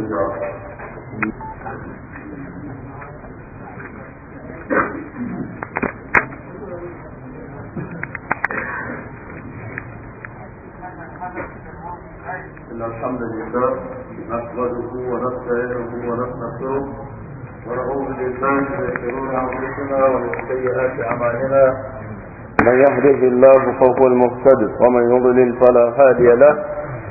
إن الحمد لله نحمده ونستعينه ونستغفره ونعوذ بالله من شرور أنفسنا ومن سيئات أعمالنا من يهده الله فهو المهتد ومن يضلل فلا هادي له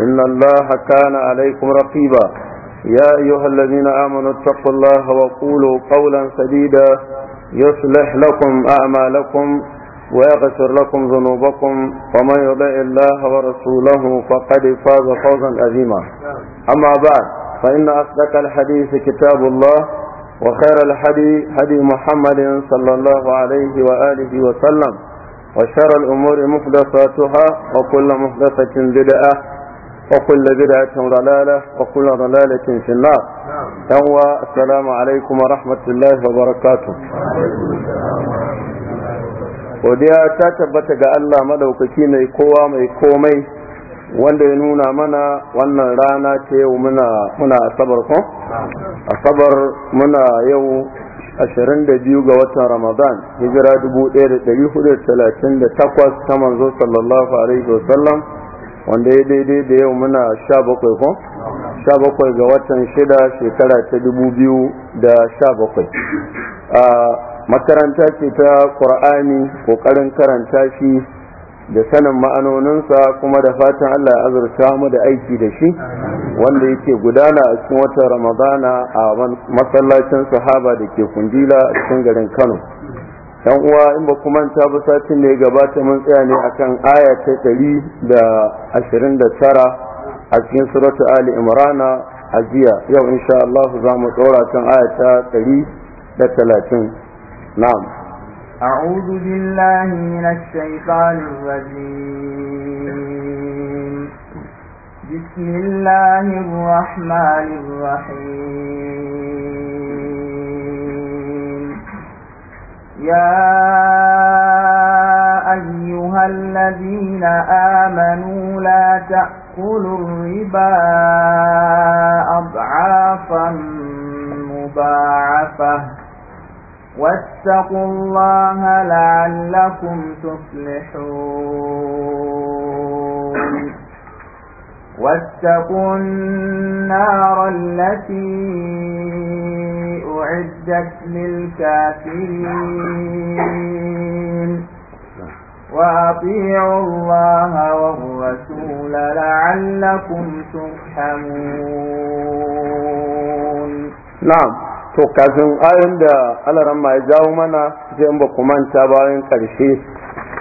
إن الله كان عليكم رقيبا يا أيها الذين آمنوا اتقوا الله وقولوا قولا سديدا يصلح لكم أعمالكم ويغفر لكم ذنوبكم ومن يطع الله ورسوله فقد فاز فوزا عظيما أما بعد فإن أصدق الحديث كتاب الله وخير الحدي هدي محمد صلى الله عليه وآله وسلم وشر الأمور محدثاتها وكل محدثة بدعة وكل بدعة ضلالة وكل ضلالة في النار هو السلام عليكم ورحمة الله وبركاته ودي ta tabbata ga Allah madaukaki mai kowa mai komai wanda ya nuna mana wannan rana ce yau muna muna asabar ko asabar muna yau 22 ga watan Ramadan hijira 1438 ta manzo sallallahu alaihi wasallam wanda ya daidai da yau muna sha bakwai ko sha bakwai ga watan shida shekara ta dubu biyu da sha bakwai a makaranta ce ta ƙur'ani ƙoƙarin karanta shi da sanin ma'anoninsa kuma da fatan allah ya azurta mu da aiki da shi wanda yake gudana a cikin watan ramadana a masallacin sahaba da ke kundila a cikin garin kano yan uwa in ba kuma ta ba satin da gabata mun tsaya ne akan aya ta ɗari da ashirin da tara a cikin suratu ali imrana a jiya yau insha Allah za mu tsora kan aya ta 130 da talatin na'am أعوذ بالله من الشيطان الرجيم بسم الله الرحمن يا أيها الذين آمنوا لا تأكلوا الربا أضعافا مضاعفة واتقوا الله لعلكم تفلحون واتقوا النار التي أعدت للكافرين وأطيعوا الله والرسول لعلكم ترحمون نعم to kafin ayin da alaran ma ya jawo mana sai in ba ku manta bayan karshe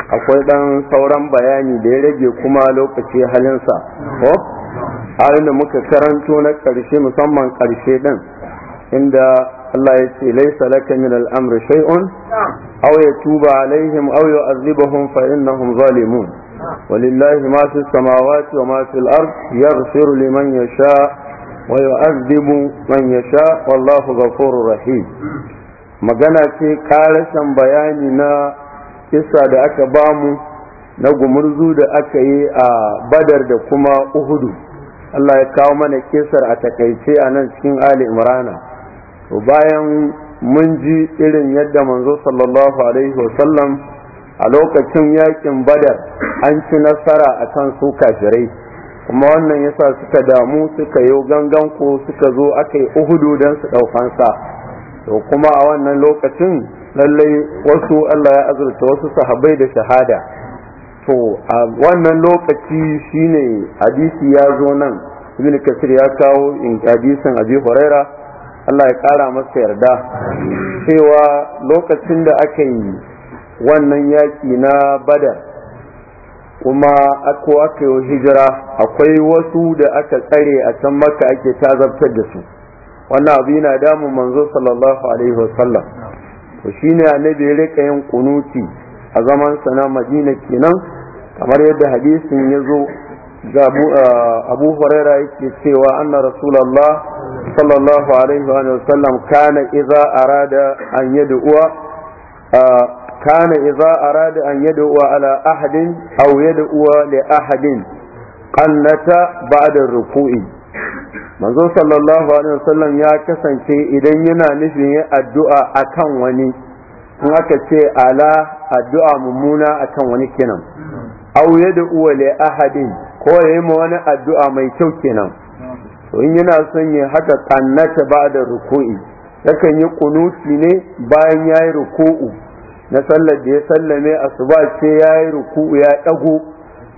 akwai dan sauran bayani da ya rage kuma lokaci halinsa ko halin da muka karanto na karshe musamman karshe din inda Allah ya ce laysa laka min shai'un. shay'un aw yatuba alaihim aw yu'adhibuhum fa innahum zalimun ولله ما في السماوات وما في الأرض يغفر لمن يشاء ويعذب من يشاء والله غفور رحيم magana ce karashin bayani na Kisa da aka ba mu na gumurzu da aka yi a badar da kuma uhudu Allah ya kawo mana kisar a takaice a nan cikin Ali Imrana to bayan mun ji irin yadda manzo sallallahu alaihi wasallam a lokacin yakin badar an ci nasara a kan su kafirai kuma wannan yasa suka damu suka yi gangan ko suka zo aka yi uhudu don su ɗaukansa to kuma a wannan lokacin lallai wasu Allah ya azurta wasu sahabai da shahada to a wannan lokaci shine hadisi ya zo nan ibn kasir ya kawo in hadisin abi huraira Allah ya kara masa yarda cewa lokacin da aka yi wannan yaki na badar kuma ako aka yi hijira akwai wasu da aka tsare a can maka ake tazabtar da su wannan abu yana damun manzo sallallahu alaihi wasallam to shine annabi ya rika yin kunuti a zaman sa na Madina kenan kamar yadda hadisin ya zo ga Abu Huraira yake cewa anna Rasulullah sallallahu alaihi wa sallam kana idza arada an yad'uwa كان إذا أراد أن يدعو على أحد أو يدعو لأحد قنت بعد rukui manzo sallallahu alaihi wasallam ya kasance idan yana nufin yin addu'a akan wani in aka ce ala addu'a mummuna akan wani kenan aw yad'u li ahadin ko yayi ma wani addu'a mai kyau kenan to in yana son yin haka kannata ba'da ruku'i yakan yi kunuti ne bayan yayi ruku'u na sallar da ya sallame asuba ce yayi ruku'u ya dago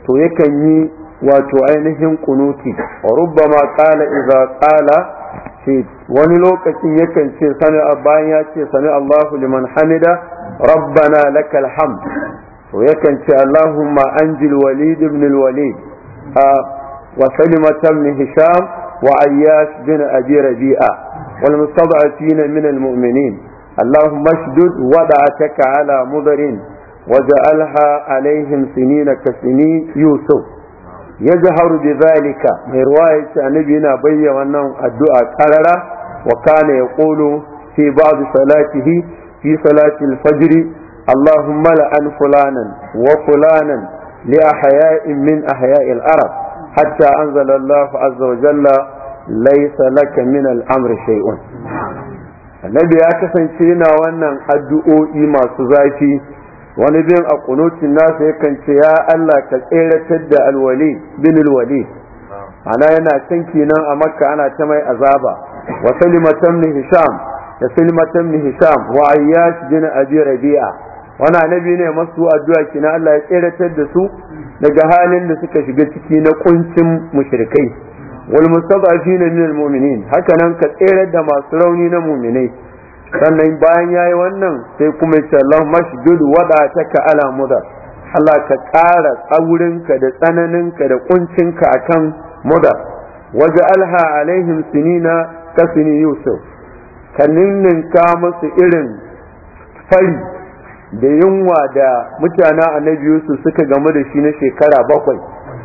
to yakan yi wato ainihin kunuti rubbama qala idza qala ce wani lokacin yakan ce sami bayan ya ce sami Allahu liman hamida rabbana lakal hamd to yakan ce Allahumma anjil walid ibn al-walid wa salimatan min hisham wa ayyash bin abi rabi'a والمستضعفين Allahu المؤمنين اللهم اشدد ودعتك على مضر وجعلها sini سنين كسنين Yusuf. ya ga haru bi zalika mai ruwaya ce annabi yana bayyana wannan addu'a karara wa kana ya kulu fi ba'd salatihi fi salati al-fajr allahumma la fulanan wa fulanan li ahya'in min ahya'i al-arab hatta anzala allah azza wa jalla laysa laka min al-amri annabi ya kasance yana wannan addu'o'i masu zafi wani bin a kunutin nasa yakan ce ya Allah ka tseratar da alwali bin alwali ana yana can kinan a makka ana ta mai azaba wa salimatan ni hisham da salimatan ni hisham wa ayyash bin abi rabi'a wani annabi ne masu addu'a kina Allah ya tseratar da su daga halin da suka shiga ciki na kuncin mushrikai wal mustadafin min almu'minin haka nan ka tserar da masu rauni na mu'minai sannan bayan yayi wannan sai kuma ya ce wada ta ka ala mudar Allah ka ƙara tsaurinka da tsananin ka da ka akan mudar waje alha alaihim sinina ka sini yusuf ka ninninka musu irin fari da yunwa da mutane annabi yusuf suka gamu da shi na shekara bakwai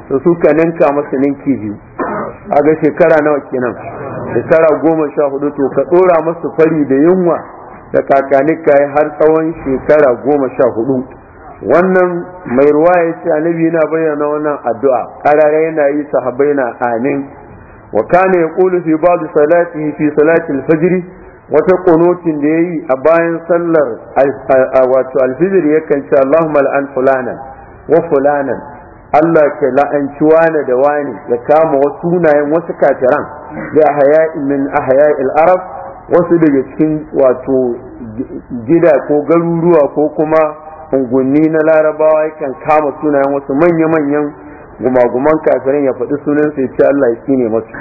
to su ka ninka musu ninki biyu a ga shekara nawa kenan shekara goma sha hudu to ka tsora masu fari da yunwa da kakanika ya har tsawon shekara goma sha hudu wannan mai ruwa ya ce annabi yana bayyana wannan addu'a karara yana yi sahabbai na amin wa kana yaqulu fi ba'd salati fi salati al wata kunutin da yayi a bayan sallar wato al-fajr yakan ce Allahumma al'an fulanan wa fulanan Allah ke la'anci wane da wani ya kama wasu sunayen wasu kafiran da ahaya min arab wasu daga cikin wato gida ko garuruwa ko kuma unguwanni na larabawa yakan kama sunayen wasu manya-manyan gumaguman kafirin ya faɗi sunan sai ce Allah ya kine masu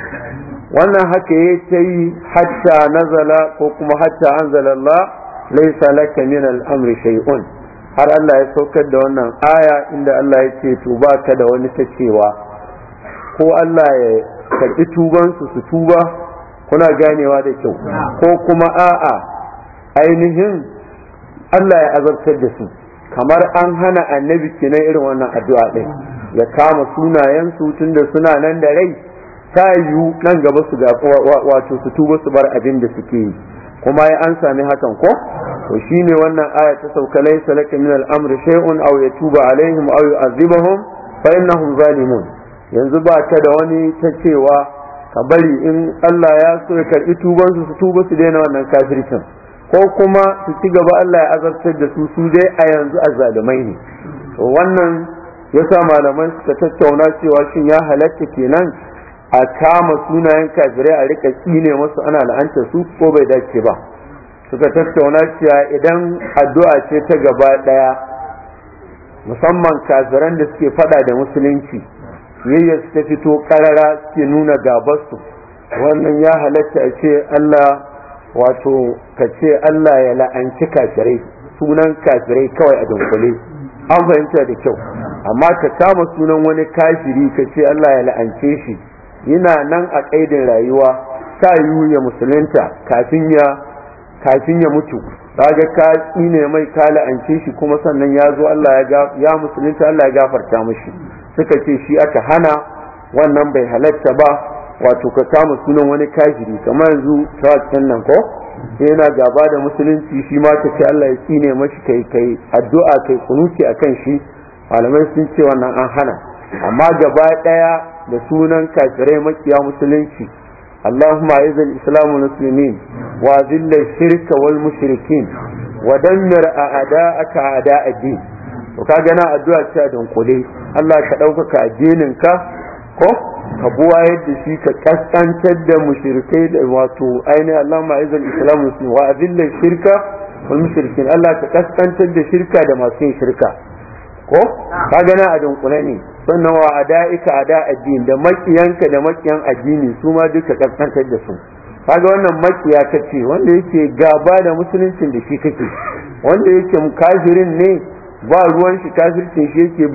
wannan haka ya ta yi hatta nazala ko kuma hatta anzalallah Allah laisa laka min al-amri shay'un har Allah ya saukar da wannan aya inda Allah ya ce to ba ka da wani ta ko Allah ya karɓi tubansu su tuba kuna ganewa da kyau ko kuma a'a ainihin Allah ya azabtar da su kamar an hana annabi kenan irin wannan addu'a ɗin ya kama sunayen sunayensu tunda suna nan da rai ta yiwu nan gaba su ga wato su tuba su bar abin da suke yi kuma ya an sami hakan ko to shine wannan aya ta sauka laysa laka min al-amri shay'un aw yatuba alaihim aw yu'adhibahum fa innahum zalimun yanzu ba ta da wani ta cewa ka bari in Allah ya so ya karbi tuban su tuba su daina wannan kafircin ko kuma su ci gaba Allah ya azabtar da su su dai a yanzu azzalumai ne to wannan yasa malaman suka tattauna cewa shin ya halatta kenan a kama sunayen kafirai a rika ne masu ana la'anta su ko bai dace ba suka tattauna cewa idan addu'a ce ta gaba ɗaya musamman kafiran da suke fada da musulunci yayyar su ta fito karara suke nuna gabarsu wannan ya halatta a ce Allah wato ka ce Allah ya la'anci kafirai sunan kafirai kawai a dunkule an fahimta da kyau amma ka kama sunan wani kafiri ka ce Allah ya la'ance shi yana nan a kaidin rayuwa sa yiwu ya musulunta kafin ya kafin ya mutu kaga ka tsine mai ka la'ance shi kuma sannan ya zo Allah ya ya musulunta Allah ya gafarta mishi suka ce shi aka hana wannan bai halatta ba wato ka kama sunan wani kafiri kamar yanzu tawassan nan ko yana gaba da musulunci shi ma ka ce Allah ya tsine mashi kai kai addu'a kai kunuti akan shi malamai sun ce wannan an hana amma gaba ɗaya da sunan kafirai makiya musulunci اللهم أعز الإسلام والمسلمين وأذل الشرك والمشركين ودمر أعداءك أعداء الدين وكاجنا أدعى تشادن قولي الله كدوكك أدينك ko ka buwayar da shi ka kaskantar da mushrikai da wato ainihin Allah ma'azin islam musulmi wa azillar shirka wal Allah ka kaskantar da shirka da masu yin shirka ko ka gana a dunkule ne sannan wa ada'ika ada addini da makiyanka da makiyan addini su ma duka kaskantar da su kaga wannan makiya ce, wanda yake gaba da musuluncin da shi kake wanda yake kafirin ne ba ruwan shi kafircin shi yake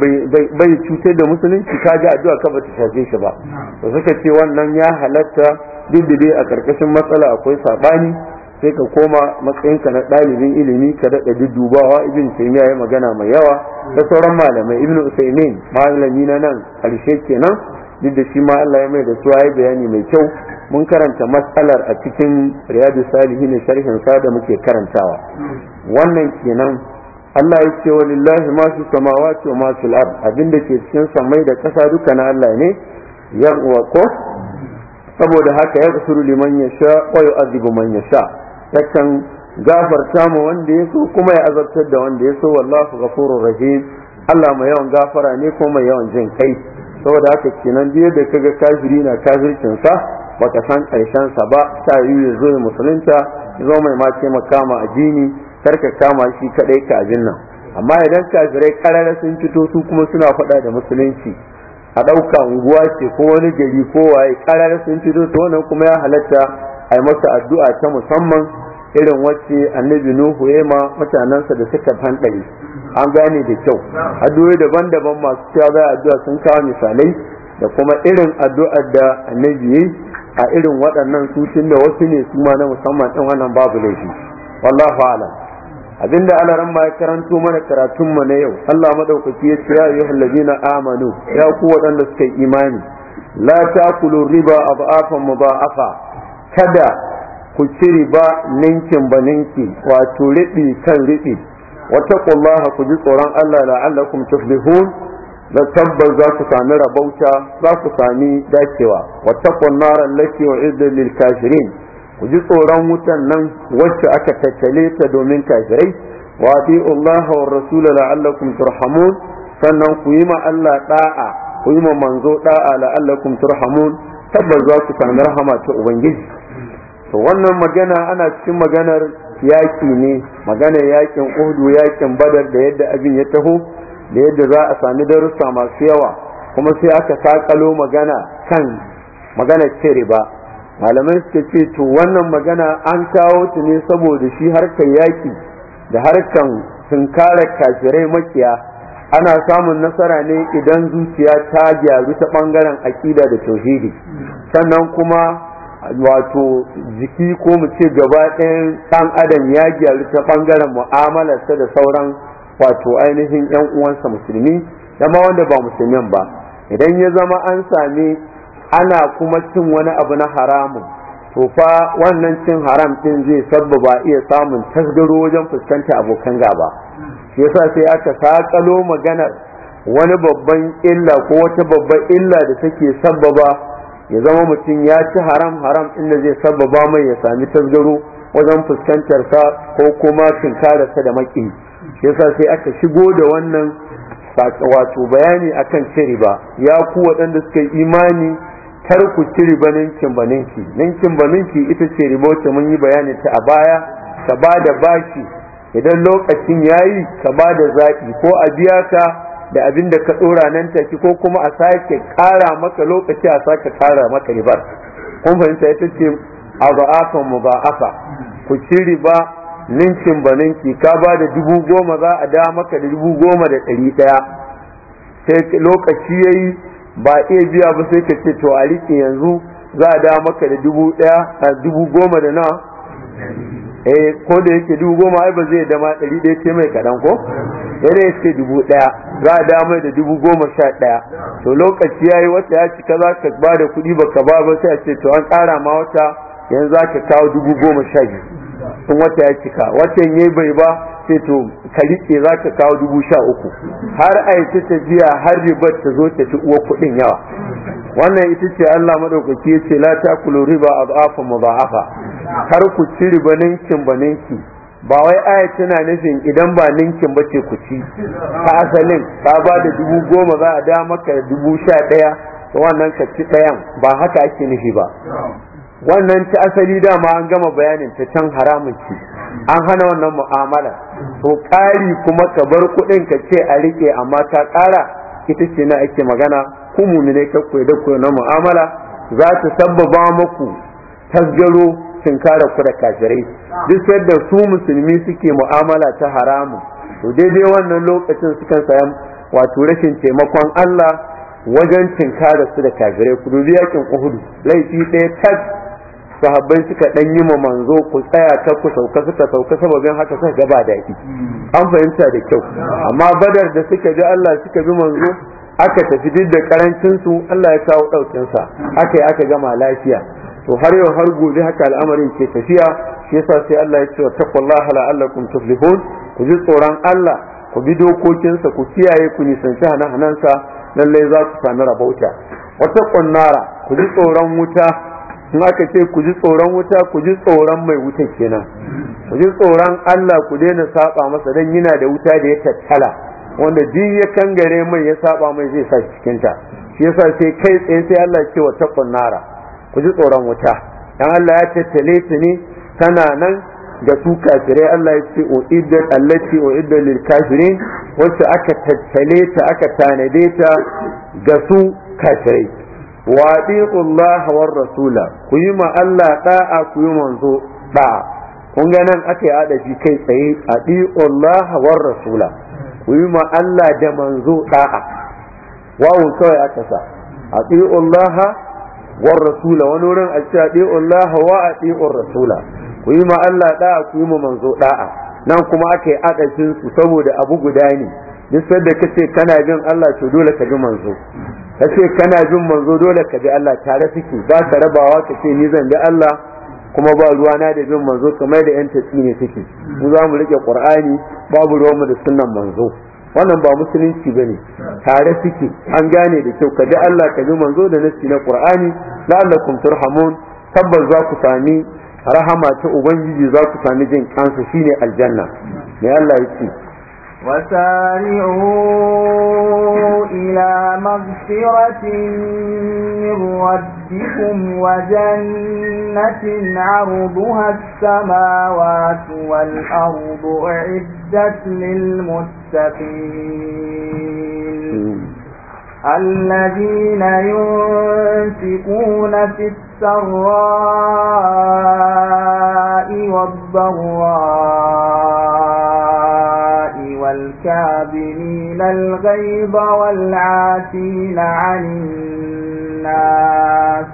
bai cutar da musulunci kaga addu'a ka bata shafe shi ba to suka ce wannan ya halatta duk a karkashin matsala akwai sabani sai ka koma matsayinka na ɗalibin ilimi ka daɗa dudubawa ibn taimiya ya magana mai yawa da sauran malamai ibn usaimin malami na nan karshe kenan duk da shi ma Allah ya mai da su ya bayani mai kyau mun karanta matsalar a cikin riyadu na sharhin sa da muke karantawa wannan kenan Allah ya ce walillahi ma fi samawati wa ma fil ard abinda ke cikin samai da ƙasa duka na Allah ne yan uwa ko saboda haka ya kusuru liman yasha wa yu'adhibu man ya sha yakan gafarta mu wanda ya so kuma ya azabtar da wanda ya so wallahu ghafurur rahim Allah mai yawan gafara ne kuma mai yawan jin kai saboda haka kenan biyar da kaga kafiri na kafircin sa baka san karshen sa ba ta yi ya zo musulunta zo mai ma taimaka ma addini karka kama shi kadai ka ajin nan amma idan kafirai karara sun fito su kuma suna faɗa da musulunci a ɗauka unguwa ce ko wani gari ko waye karara sun fito to wannan kuma ya halatta Ai masa addu'a ta musamman irin wacce annabi nuhu ya ma da suka fanɗari an gane da kyau addu'o'i daban-daban masu cewa za addu'a sun kawo misalai da kuma irin addu'ar da annabi ya a irin waɗannan su da wasu ne su ma na musamman ɗin wannan babu laifi wallahu a'lam abinda ana ran ma karanto mana karatun mu na yau Allah madaukaki ya ce ya yi ladina amanu ya ku waɗanda suka yi imani la ta'kulu riba adafan mudha'afa kada ku ciri ba ninkin ba ninki wato riɗi kan riɗi wata kullaha ku ji tsoron Allah la'allakum tuflihun da tabbas za ku sami rabauta za ku sami dacewa wata kunnara laki wa lil kafirin ku ji tsoron wutan nan wacce aka tattale ta domin kafirai wa Allah wa rasula la'allakum turhamun sannan ku yi ma Allah da'a ku yi ma manzo da'a la'allakum turhamun tabbas za ku sami rahama ta ubangiji to wannan magana ana cikin maganar yaƙi ne maganar yaƙin uhudu yaƙin badar da yadda abin ya taho da yadda za a sami darussa masu yawa kuma sai aka sakalo magana kan magana ce riba malamai suka ce to wannan magana an kawo ta ne saboda shi harkar yaƙi da harkan tunkarar kafirai makiya ana samun nasara ne idan zuciya ta gyaru ta ɓangaren aƙida da tauhidi sannan kuma wato jiki ko mu ce gaba ɗayan ɗan adam ya gyaru ta ɓangaren mu'amalarsa da sauran wato ainihin 'yan uwansa musulmi dama wanda ba musulmin ba idan ya zama an sami ana kuma cin wani abu na haramun to fa wannan cin haram ɗin zai sabbaba iya samun tasgaro wajen fuskanta abokan gaba shi yasa sai aka saƙalo maganar wani babban illa ko wata babban illa da take sabbaba ya zama mutum ya ci haram haram inda zai sabbaba mai ya sami tasgaro wajen fuskantar sa ko kuma tunkararsa da maki shi yasa sai aka shigo da wannan wato bayani akan ciri ba ya ku waɗanda suka yi imani tarku ciri ba ninkin ba ninki ninkin ba ninki ita ce riba wacce mun yi bayani ta a baya ka ba da bashi idan lokacin yayi ka ba da zaƙi, ko a biya ka da abin da ka tsora nan take ko kuma a sake ƙara maka lokaci a sake kara maka ribar kun fahimta ita ce abu'afan mu ba'afa. ku ci riba ninkin ba ninki ka ba da dubu goma za a da maka da dubu goma da ɗari ɗaya sai lokaci ya yi ba iya biya ba sai ka ce to a yanzu za a da maka da dubu ɗaya a dubu goma da na eh ko da yake dubu goma ai ba zai dama ɗari ɗaya ce mai kaɗan ko yana ya ce dubu ɗaya za a dama da dubu goma sha ɗaya to lokaci ya yi wata ya cika za ka ba da kuɗi ba ka ba ba sai a ce to an ƙara ma wata yanzu za ka kawo dubu goma sha biyu in wata ya cika watan yayi bai ba sai to ka rike za ka kawo dubu sha uku har a yi ta tafiya har ribar ta zo ta ci uwa kuɗin yawa wannan ita ce Allah maɗaukaki ya ce la takulu riba ma ba'afa.' kar ku ci riba ninkin ba ninki ba wai aya tana nufin idan ba ninkin ba ce ku ci ta asalin ka ba da dubu goma za a da maka dubu sha ɗaya wannan ka ci ɗayan ba haka ake nufi ba wannan ta asali dama an gama bayanin ta can haramun ce an hana wannan mu'amala to ƙari kuma ka bar kuɗin ka ce a riƙe amma ta ƙara ita ce na ake magana ku mumine ka koyi da koyi na mu'amala za ta sabbaba muku tasgaro tunkara ku da kafirai duk yadda su musulmi suke mu'amala ta haramu to daidai wannan lokacin sukan sayan wato rashin taimakon Allah wajen tinkara su da kafirai ku dubi yakin uhudu laifi ɗaya tas sahabbai suka dan yi ma manzo ku tsaya ta ku sauka suka sauka sababin haka suka ga ba daɗi an fahimta da kyau amma badar da suka ji Allah suka bi manzo aka tafi duk da karancin su Allah ya kawo daukin sa aka yi aka gama lafiya to har yau har gobe haka al'amarin ke tafiya shi yasa sai Allah ya ce wa taqullaha la'allakum tuflihun ku ji tsoron Allah ku bi dokokinsa ku kiyaye ku nisanci hana sa, lallai za ku sami rabauta wata ƙunnara ku ji tsoron wuta in aka ce ku ji tsoron wuta ku ji tsoron mai wuta kenan ku ji tsoron Allah ku daina saba masa dan yana da wuta da ya tattala wanda duk ya kangare mai ya saba mai zai sa cikin ta shi yasa sai kai tsaye sai Allah ce wa takon nara ku ji tsoron wuta dan Allah ya tattale ta ne tana nan ga su kafirai Allah ya ce iddat allati iddat lil kafirin wacce aka tattale ta aka tanade ta ga su kafirai wa atiqu Allah war rasula ku yi ma Allah da'a ku yi manzo ɗa'a. kun ga nan aka yi adafi kai tsaye atiqu Allah war rasula ku yi ma Allah da manzo da'a wawun kawai aka sa atiqu Allah war rasula wani wurin a ce ɗi Allah wa ɗi rasula ku yi ma Allah da'a ku yi ma manzo da'a nan kuma aka yi adafin su saboda abu guda ne duk da kace kana bin Allah to dole ka bi manzo Ka ce kana bin manzo dole ka bi Allah tare suke Za ka rabawa ka ce ni zan bi Allah kuma ba ruwa na da bin manzo kamar da yan tatsi ne suke mu za mu rike qur'ani babu ruwan mu da sunnan manzo wannan ba musulunci bane tare suke an gane da kyau ka bi Allah ka bi manzo da nasi na qur'ani la'allakum turhamun tabbas za ku sami rahama ta ubangiji za ku sami jin kansa shine aljanna ne Allah yake wasari'u إلى مغفرة من ربكم وجنة عرضها السماوات والأرض أعدت للمتقين الذين ينفقون في السراء والضراء الكاذبين الغيظ والعافين عن الناس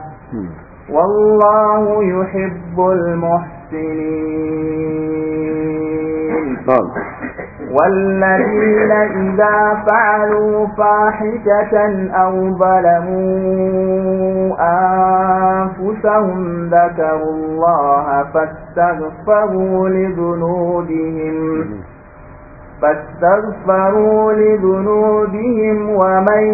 والله يحب المحسنين والذين إذا فعلوا فاحشة أو ظلموا أنفسهم ذكروا الله فاستغفروا لذنوبهم فاستغفروا لذنوبهم ومن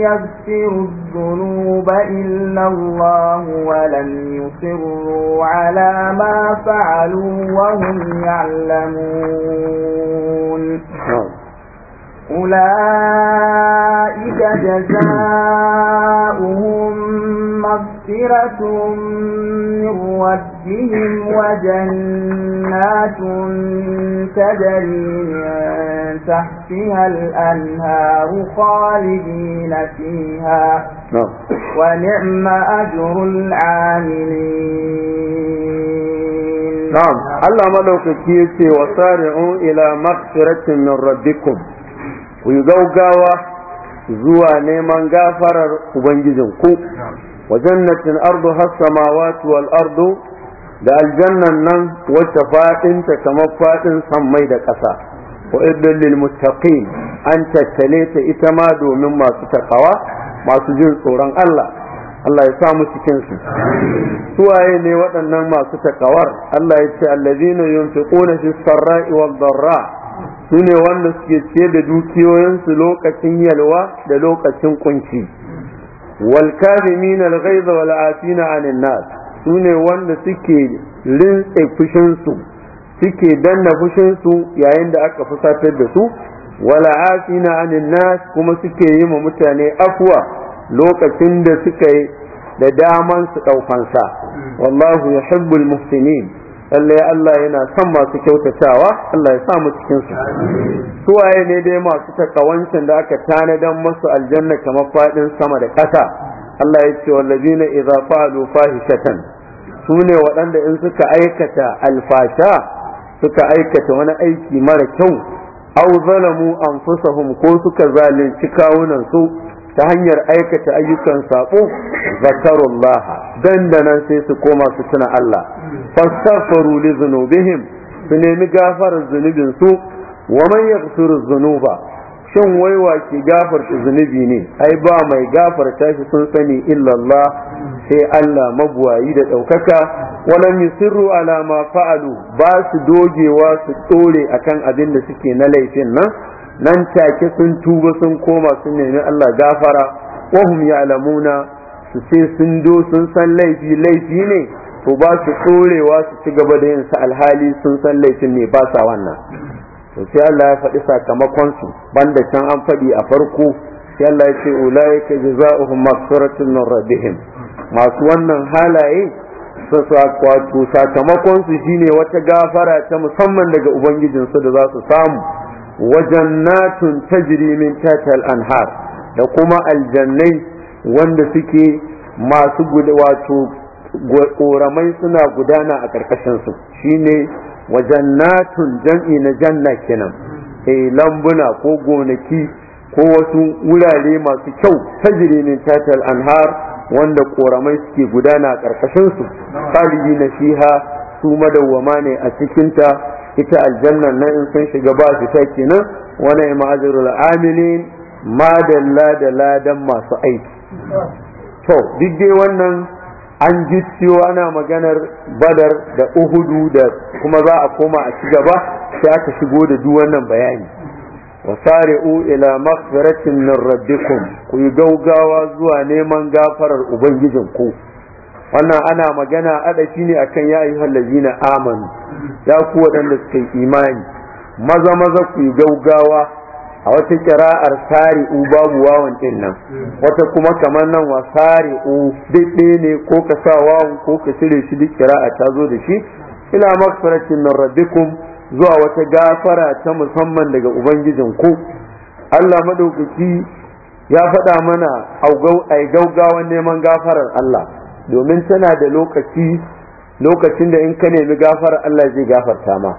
يغفر الذنوب إلا الله ولم يصروا على ما فعلوا وهم يعلمون نعم. أولئك جزاؤهم مغفرة من ربهم وجنات تجري من تحتها الأنهار خالدين فيها نعم. ونعم أجر العاملين نعم الله ملوك كيسي وسارعوا إلى مغفرة من ربكم ku yi gaugawa zuwa neman gafarar ubangijinku wa jannatin ardu has-samawati wal ardu da aljannan nan wacce faɗinta kamar faɗin san mai da ƙasa wa iddin lil muttaqin an tattale ta ita ma domin masu takawa masu jin tsoron Allah Allah ya samu cikin su suwaye ne waɗannan masu takawar Allah ya ce allazina yunfiquna fis sarra'i wad darra su ne wanda suke ce da dukiyoyinsu lokacin yalwa da lokacin kunci wal kazimin al wal afina anin nas su ne wanda suke rintse fushinsu suke danna fushinsu yayin da aka fusatar da su wal afina anin nas kuma suke yi ma mutane afwa lokacin da suka da daman su daukansa wallahu yuhibbul muhsinin lalle Allah yana son masu kyautatawa Allah ya sa mu cikin su suwaye ne dai masu takawancin da aka tanadan masu aljanna kamar fadin sama da ƙasa Allah ya ce wallazina idza fa'alu fahishatan su ne waɗanda in suka aikata alfasha suka aikata wani aiki mara kyau aw zalamu anfusahum ko suka zalunci kawunan su ta hanyar aikata ayyukan sabo zakarullah dandanan sai su koma su tuna Allah fastaghfiru li dhunubihim su nemi gafarar zunubin su wa man yaghfiru dhunuba shin wai wa ki gafarta zunubi ne ai ba mai gafarta shi sun sani illallah sai Allah mabuwayi da ɗaukaka wala yusirru ala ma fa'alu ba su dogewa su tsore akan abin da suke na laifin nan nan take sun tuba sun koma sun nemi Allah gafara wahum ya'lamuna su ce sun do sun san laifi laifi ne to ba su tsorewa su ci gaba da yin sa alhali sun san laifin ne ba sa wannan to sai Allah ya faɗi sakamakon su banda can an faɗi a farko sai Allah ya ce ulaika jazaohum maghfiratun min rabbihim masu wannan halaye wato sakamakon su shine wata gafara ta musamman daga ubangijinsu da za su samu wa jannatun tajri min tatal anhar da kuma aljannai wanda suke masu wato koramai suna gudana a ƙarƙashin su shine wa jannatun jam'i na janna kenan eh lambuna ko gonaki ko wasu wurare masu kyau tajri min tatal anhar wanda koramai suke gudana a ƙarƙashinsu ɗalibi na shiha su madawwama ne a cikinta ita aljannan nan in sun shiga ba fita kenan wani ma'azirul amilin madalla da ladan masu aiki to duk dai wannan an ji cewa ana maganar badar da uhudu da kuma za a koma a ci gaba sai aka shigo da duk wannan bayani sari'u ila maghfiratin min rabbikum ku yi gaugawa zuwa neman gafarar ubangijinku ku wannan ana magana shi ne akan ya yi na amanu ya ku waɗanda suka yi imani maza maza ku yi gaugawa a wata kira'ar sari'u babu wawan din nan wata kuma kamar nan wa sari'u duk ne ko ka sa wawan ko ka cire shi duk kira'a ta zo da shi ila maghfiratin min rabbikum zuwa wata gafara ta musamman daga ubangijin ku Allah madaukaki ya faɗa mana a gaugawan neman gafarar Allah domin tana da lokaci lokacin da in ka nemi gafar Allah zai gafarta ma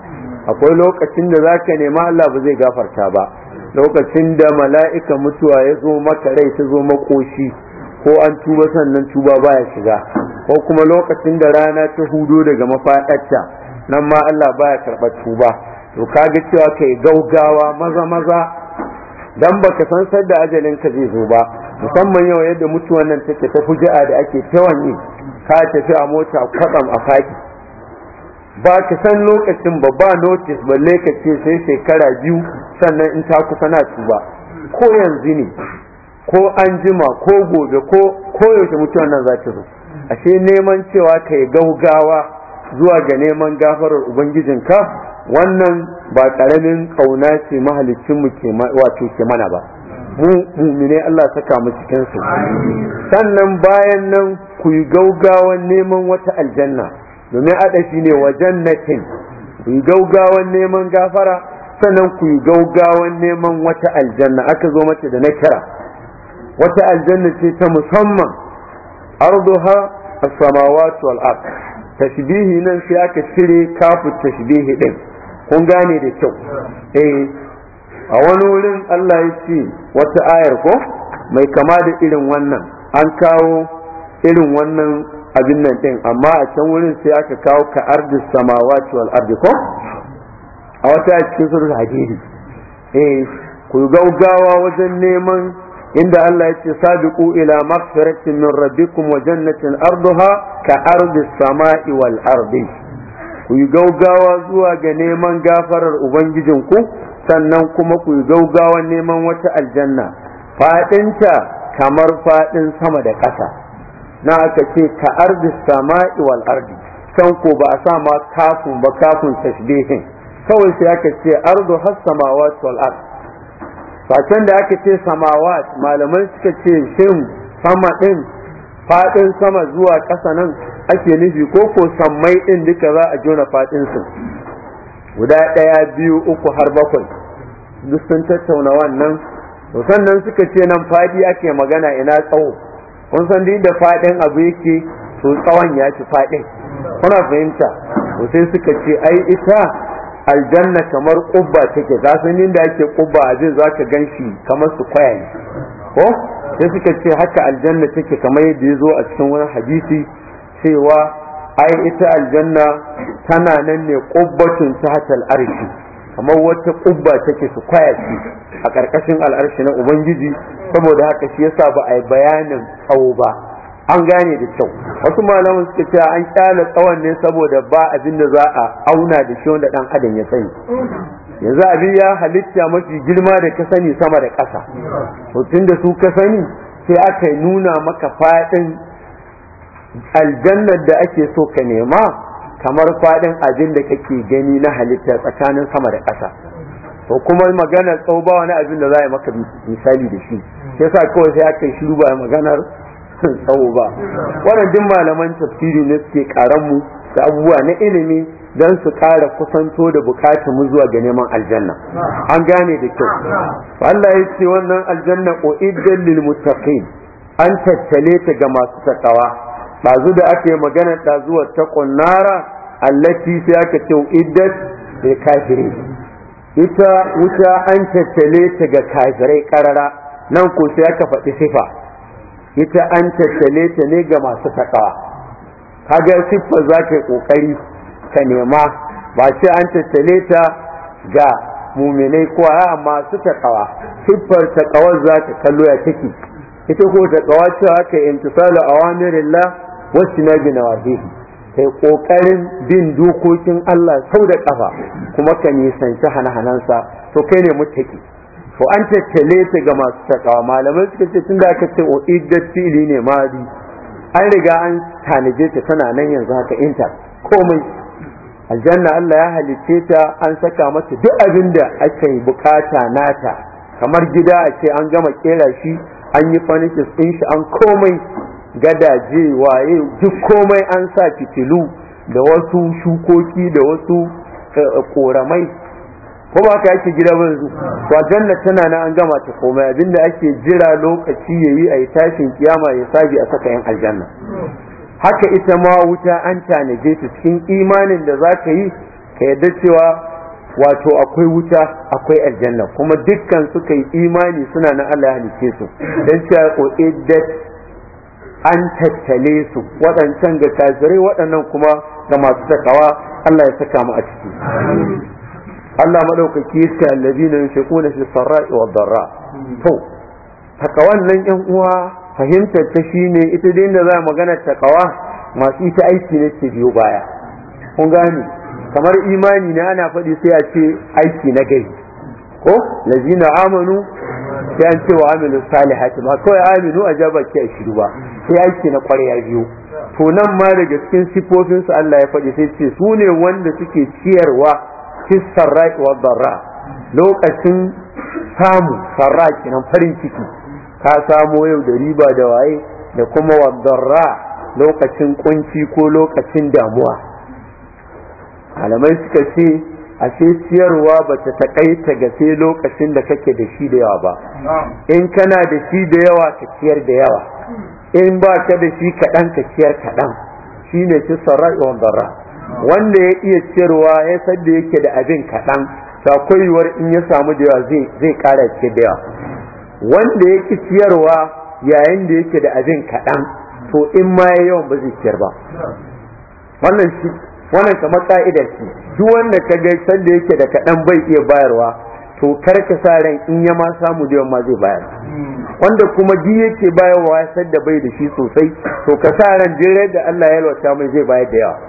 akwai lokacin da zaka nema Allah ba zai gafarta ba lokacin da mala'ika mutuwa ya zo maka rai ta zo makoshi ko an tuba sannan tuba baya shiga ko kuma lokacin da rana ta hudo daga mafaɗarta nan ma Allah baya karɓar tuba to kaga cewa kai gaugawa maza maza dan baka san sadda ajalin ka zai zo ba musamman yau yadda mutuwan nan take ta fuji'a da ake tawan yi ka tafi a mota kwatsam a faki ba ka san lokacin ba ba notice balle ka ce sai shekara biyu sannan in ta kusa na ba ko yanzu ne ko an jima ko gobe ko koyaushe mutuwan nan za ta zo ashe neman cewa ka yi gaugawa zuwa ga neman gafarar ubangijinka wannan ba karamin kauna ce mahalicin mu ke wato ke mana ba mu mu'mine Allah saka mu cikin su sannan bayan nan ku yi gaugawan neman wata aljanna domin adashi ne wa jannatin ku yi gaugawan neman gafara sannan ku yi gaugawan neman wata aljanna aka zo mace da na kira wata aljanna ce ta musamman arduha as-samawati wal ard tashbihi nan sai aka cire kafu tashbihi din kun gane da kyau eh a wani wurin Allah ya ce wata ayar ko mai kama da irin wannan an kawo irin wannan abin nan din amma a can wurin sai aka kawo ka ardi samawati wal ardi ko a wata cikin surul hadidi eh ku gaugawa wajen neman inda Allah ya ce sabiqu ila maghfiratin min rabbikum wa jannatin arduha ka ardi samai wal ardi ku yi gaugawa zuwa ga neman gafarar ubangijinku sannan kuma ku yi gaugawa neman wata aljanna faɗinta kamar faɗin sama da ƙasa na aka ce ka ardi sama'i wal ardi can ko ba a sa ma kafin ba kafin tashbihin kawai sai aka ce ardu has samawat wal ard da aka ce samawat malamai suka ce shin sama din Faɗin sama zuwa ƙasa nan ake nufi ko ko sammai ɗin duka za a jona faɗin su guda ɗaya biyu uku har bakwai duk sun tattauna wannan to sannan suka ce nan faɗi ake magana ina tsawo kun san da fadin abu yake to tsawon ya ci fadin kuna fahimta to sai suka ce ai ita aljanna kamar kubba take ka san inda ake kubba abin zaka ganshi kamar su kwaya ne ko sai suka ce haka aljanna take kamar yadda ya zo a cikin wani hadisi cewa ai ita aljanna tana nan ne ta sahatal arshi kamar wata kubba take su kwaya a ƙarƙashin al'arshi na ubangiji saboda haka shi yasa ba a yi bayanin tsawo ba an gane da kyau wasu malamin suka ce an kyale tsawon ne saboda ba abin da za a auna da shi wanda dan adam ya sani yanzu abi ya halitta mafi girma da ka sani sama da ƙasa tun da su ka sani sai aka nuna maka faɗin aljannar da ake so ka nema kamar faɗin abin da kake gani na halitta tsakanin sama da ƙasa to kuma maganar tsawo ba wani abin da za a yi maka misali da shi sai sa kawai sai aka yi shiru ba maganar tsawo ba wannan duk malaman tafsiri ne suke karan mu da abubuwa na ilimi don su ƙara kusanto da bukatun mu zuwa ga neman aljanna an gane da kyau Allah ya ce wannan aljanna iddan lil muttaqin an tattale ta ga masu takawa dazu da aka yi magana zuwa ta kunnara allati sai aka ce iddat lil kafirin ita wuta an tattale ta ga kafirai karara nan ko sai aka faɗi sifa ita an tattale ta ne ga masu takawa kaga siffar za ka yi ƙoƙari ka nema ba sai an tattale ta ga muminai ko a masu taƙawa siffar taƙawar za ka kallo ya take ita ko taƙawa cewa ka yi intisalu awamirillah wasu na bi nawahihi kai ƙoƙarin bin dokokin Allah sau da ƙafa kuma ka nisanci hana-hanansa to kai ne mutake to an tattale ta ga masu taƙawa malamai suka ce tun da aka ce o iddat fili ne mari an riga an tanaje ta tana nan yanzu haka inta komai aljanna Allah ya halicce ta an saka mata duk abin da ake bukata nata kamar gida a an gama kera shi an yi furnitures din shi an komai gadaje waye duk komai an sa fitilu da wasu shukoki da wasu eh, eh, koramai ko ba ka yake gida ba yanzu to aljanna tana nan an gama ta komai abinda ake jira lokaci yayi ayi tashin kiyama ya sabi a saka yan aljanna haka ita ma wuta an tanaje ta cikin imanin da za ka yi ka yadda cewa wato akwai wuta akwai aljanna kuma dukkan suka yi imani suna na Allah ya halice su dan cewa ko iddat an tattale su waɗancan ga kafirai waɗannan kuma ga masu sakawa, Allah ya saka mu a ciki Allah madaukaki ya ce allazina fi sarra'i wa darra to haka wannan yan uwa fahimtar ta shine ita dai da za magana ta takawa masu ita aiki ne ke biyo baya kun gane kamar imani ne ana faɗi sai a ce aiki na gari ko lazina amanu sai an ce wa amilu salihati ma kawai aminu a jaba a shiru ba sai aiki na kwarya biyu to nan ma daga cikin sifofinsu Allah ya faɗi sai ce su ne wanda suke ciyarwa fi wa lokacin samu sarra kenan farin ciki ka samo yau da riba da waye da kuma wa lokacin kunci ko lokacin damuwa alamai suka ce ashe siyarwa ba ta taƙaita ga sai lokacin da kake da shi da yawa ba in kana da shi da yawa ka ciyar da yawa in ba ka da shi kaɗan ka ciyar kaɗan shine ne sarra'i wa darra wanda ya iya ciyarwa ya san da yake da abin kaɗan ta koyuwar in ya samu da yawa zai ƙara ce da yawa wanda ya ki ciyarwa yayin da yake da abin kaɗan to in ma ya yawan ba zai ciyar ba wannan shi wannan kamar ka'idar shi duk wanda ka ga da yake da kaɗan bai iya bayarwa to kar ka sa ran in ya ma samu da yawa ma zai bayar wanda kuma ji yake bayarwa ya san da bai da shi sosai to ka sa ran jirar da Allah ya lwata mai zai bayar da yawa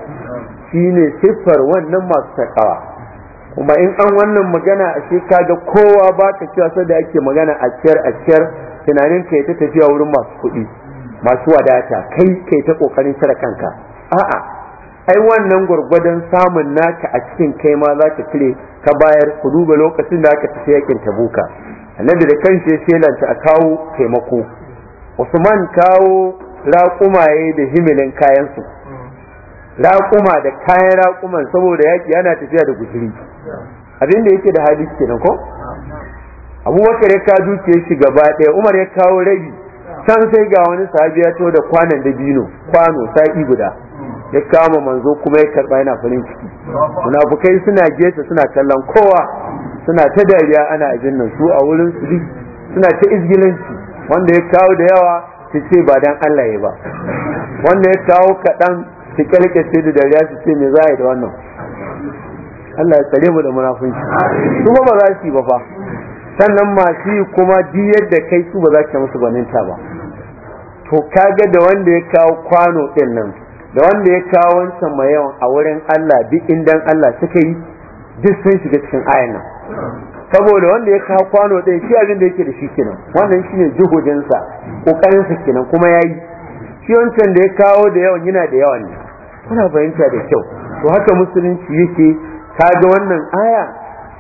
shine siffar wannan masu takawa kuma in an wannan magana a ka ga kowa ba ka cewa sai da ake magana a ciyar a ciyar tunanin ka ta tafiya wurin masu kuɗi masu wadata kai kai ta kokarin cire kanka a'a ai wannan gwargwadon samun naka a cikin kai ma za ka kire ka bayar ku duba lokacin da aka tafi yakin tabuka annabi da kanshi ya shelanta a kawo taimako usman kawo raƙumaye da himilin kayansu raƙuma da kayan raƙuman saboda yaƙi yana tafiya da gushiri Abinda da yake da hali kenan ko abubakar ya ka zuciyar shi gaba ɗaya umar ya kawo rabi can sai ga wani sahabi ya to da kwanan da bino kwano sa'i guda ya kama manzo kuma ya karɓa yana farin ciki munafukai suna gesa, suna kallon kowa suna ta dariya ana abin nan su a wurin su suna ta izgilanci wanda ya kawo da yawa su ce ba dan Allah ya ba wanda ya kawo kaɗan su kyalkyace da dariya su ce me za a yi da wannan Allah ya tsare mu da munafunci kuma ba za su yi ba fa sannan masu yi kuma diyar da kai su ba za ka musu gwaninta ba to kaga da wanda ya kawo kwano din nan da wanda ya kawo wancan mai yawan a wurin Allah duk indan Allah suka yi duk sun shiga cikin ayan nan saboda wanda ya kawo kwano din shi abin da yake da shi kenan wannan shine juhudinsa kokarinsa sa kenan kuma yayi shi wancan da ya kawo da yawan yana da yawan ne kuna fahimta da kyau to haka musulunci yake kaga wannan aya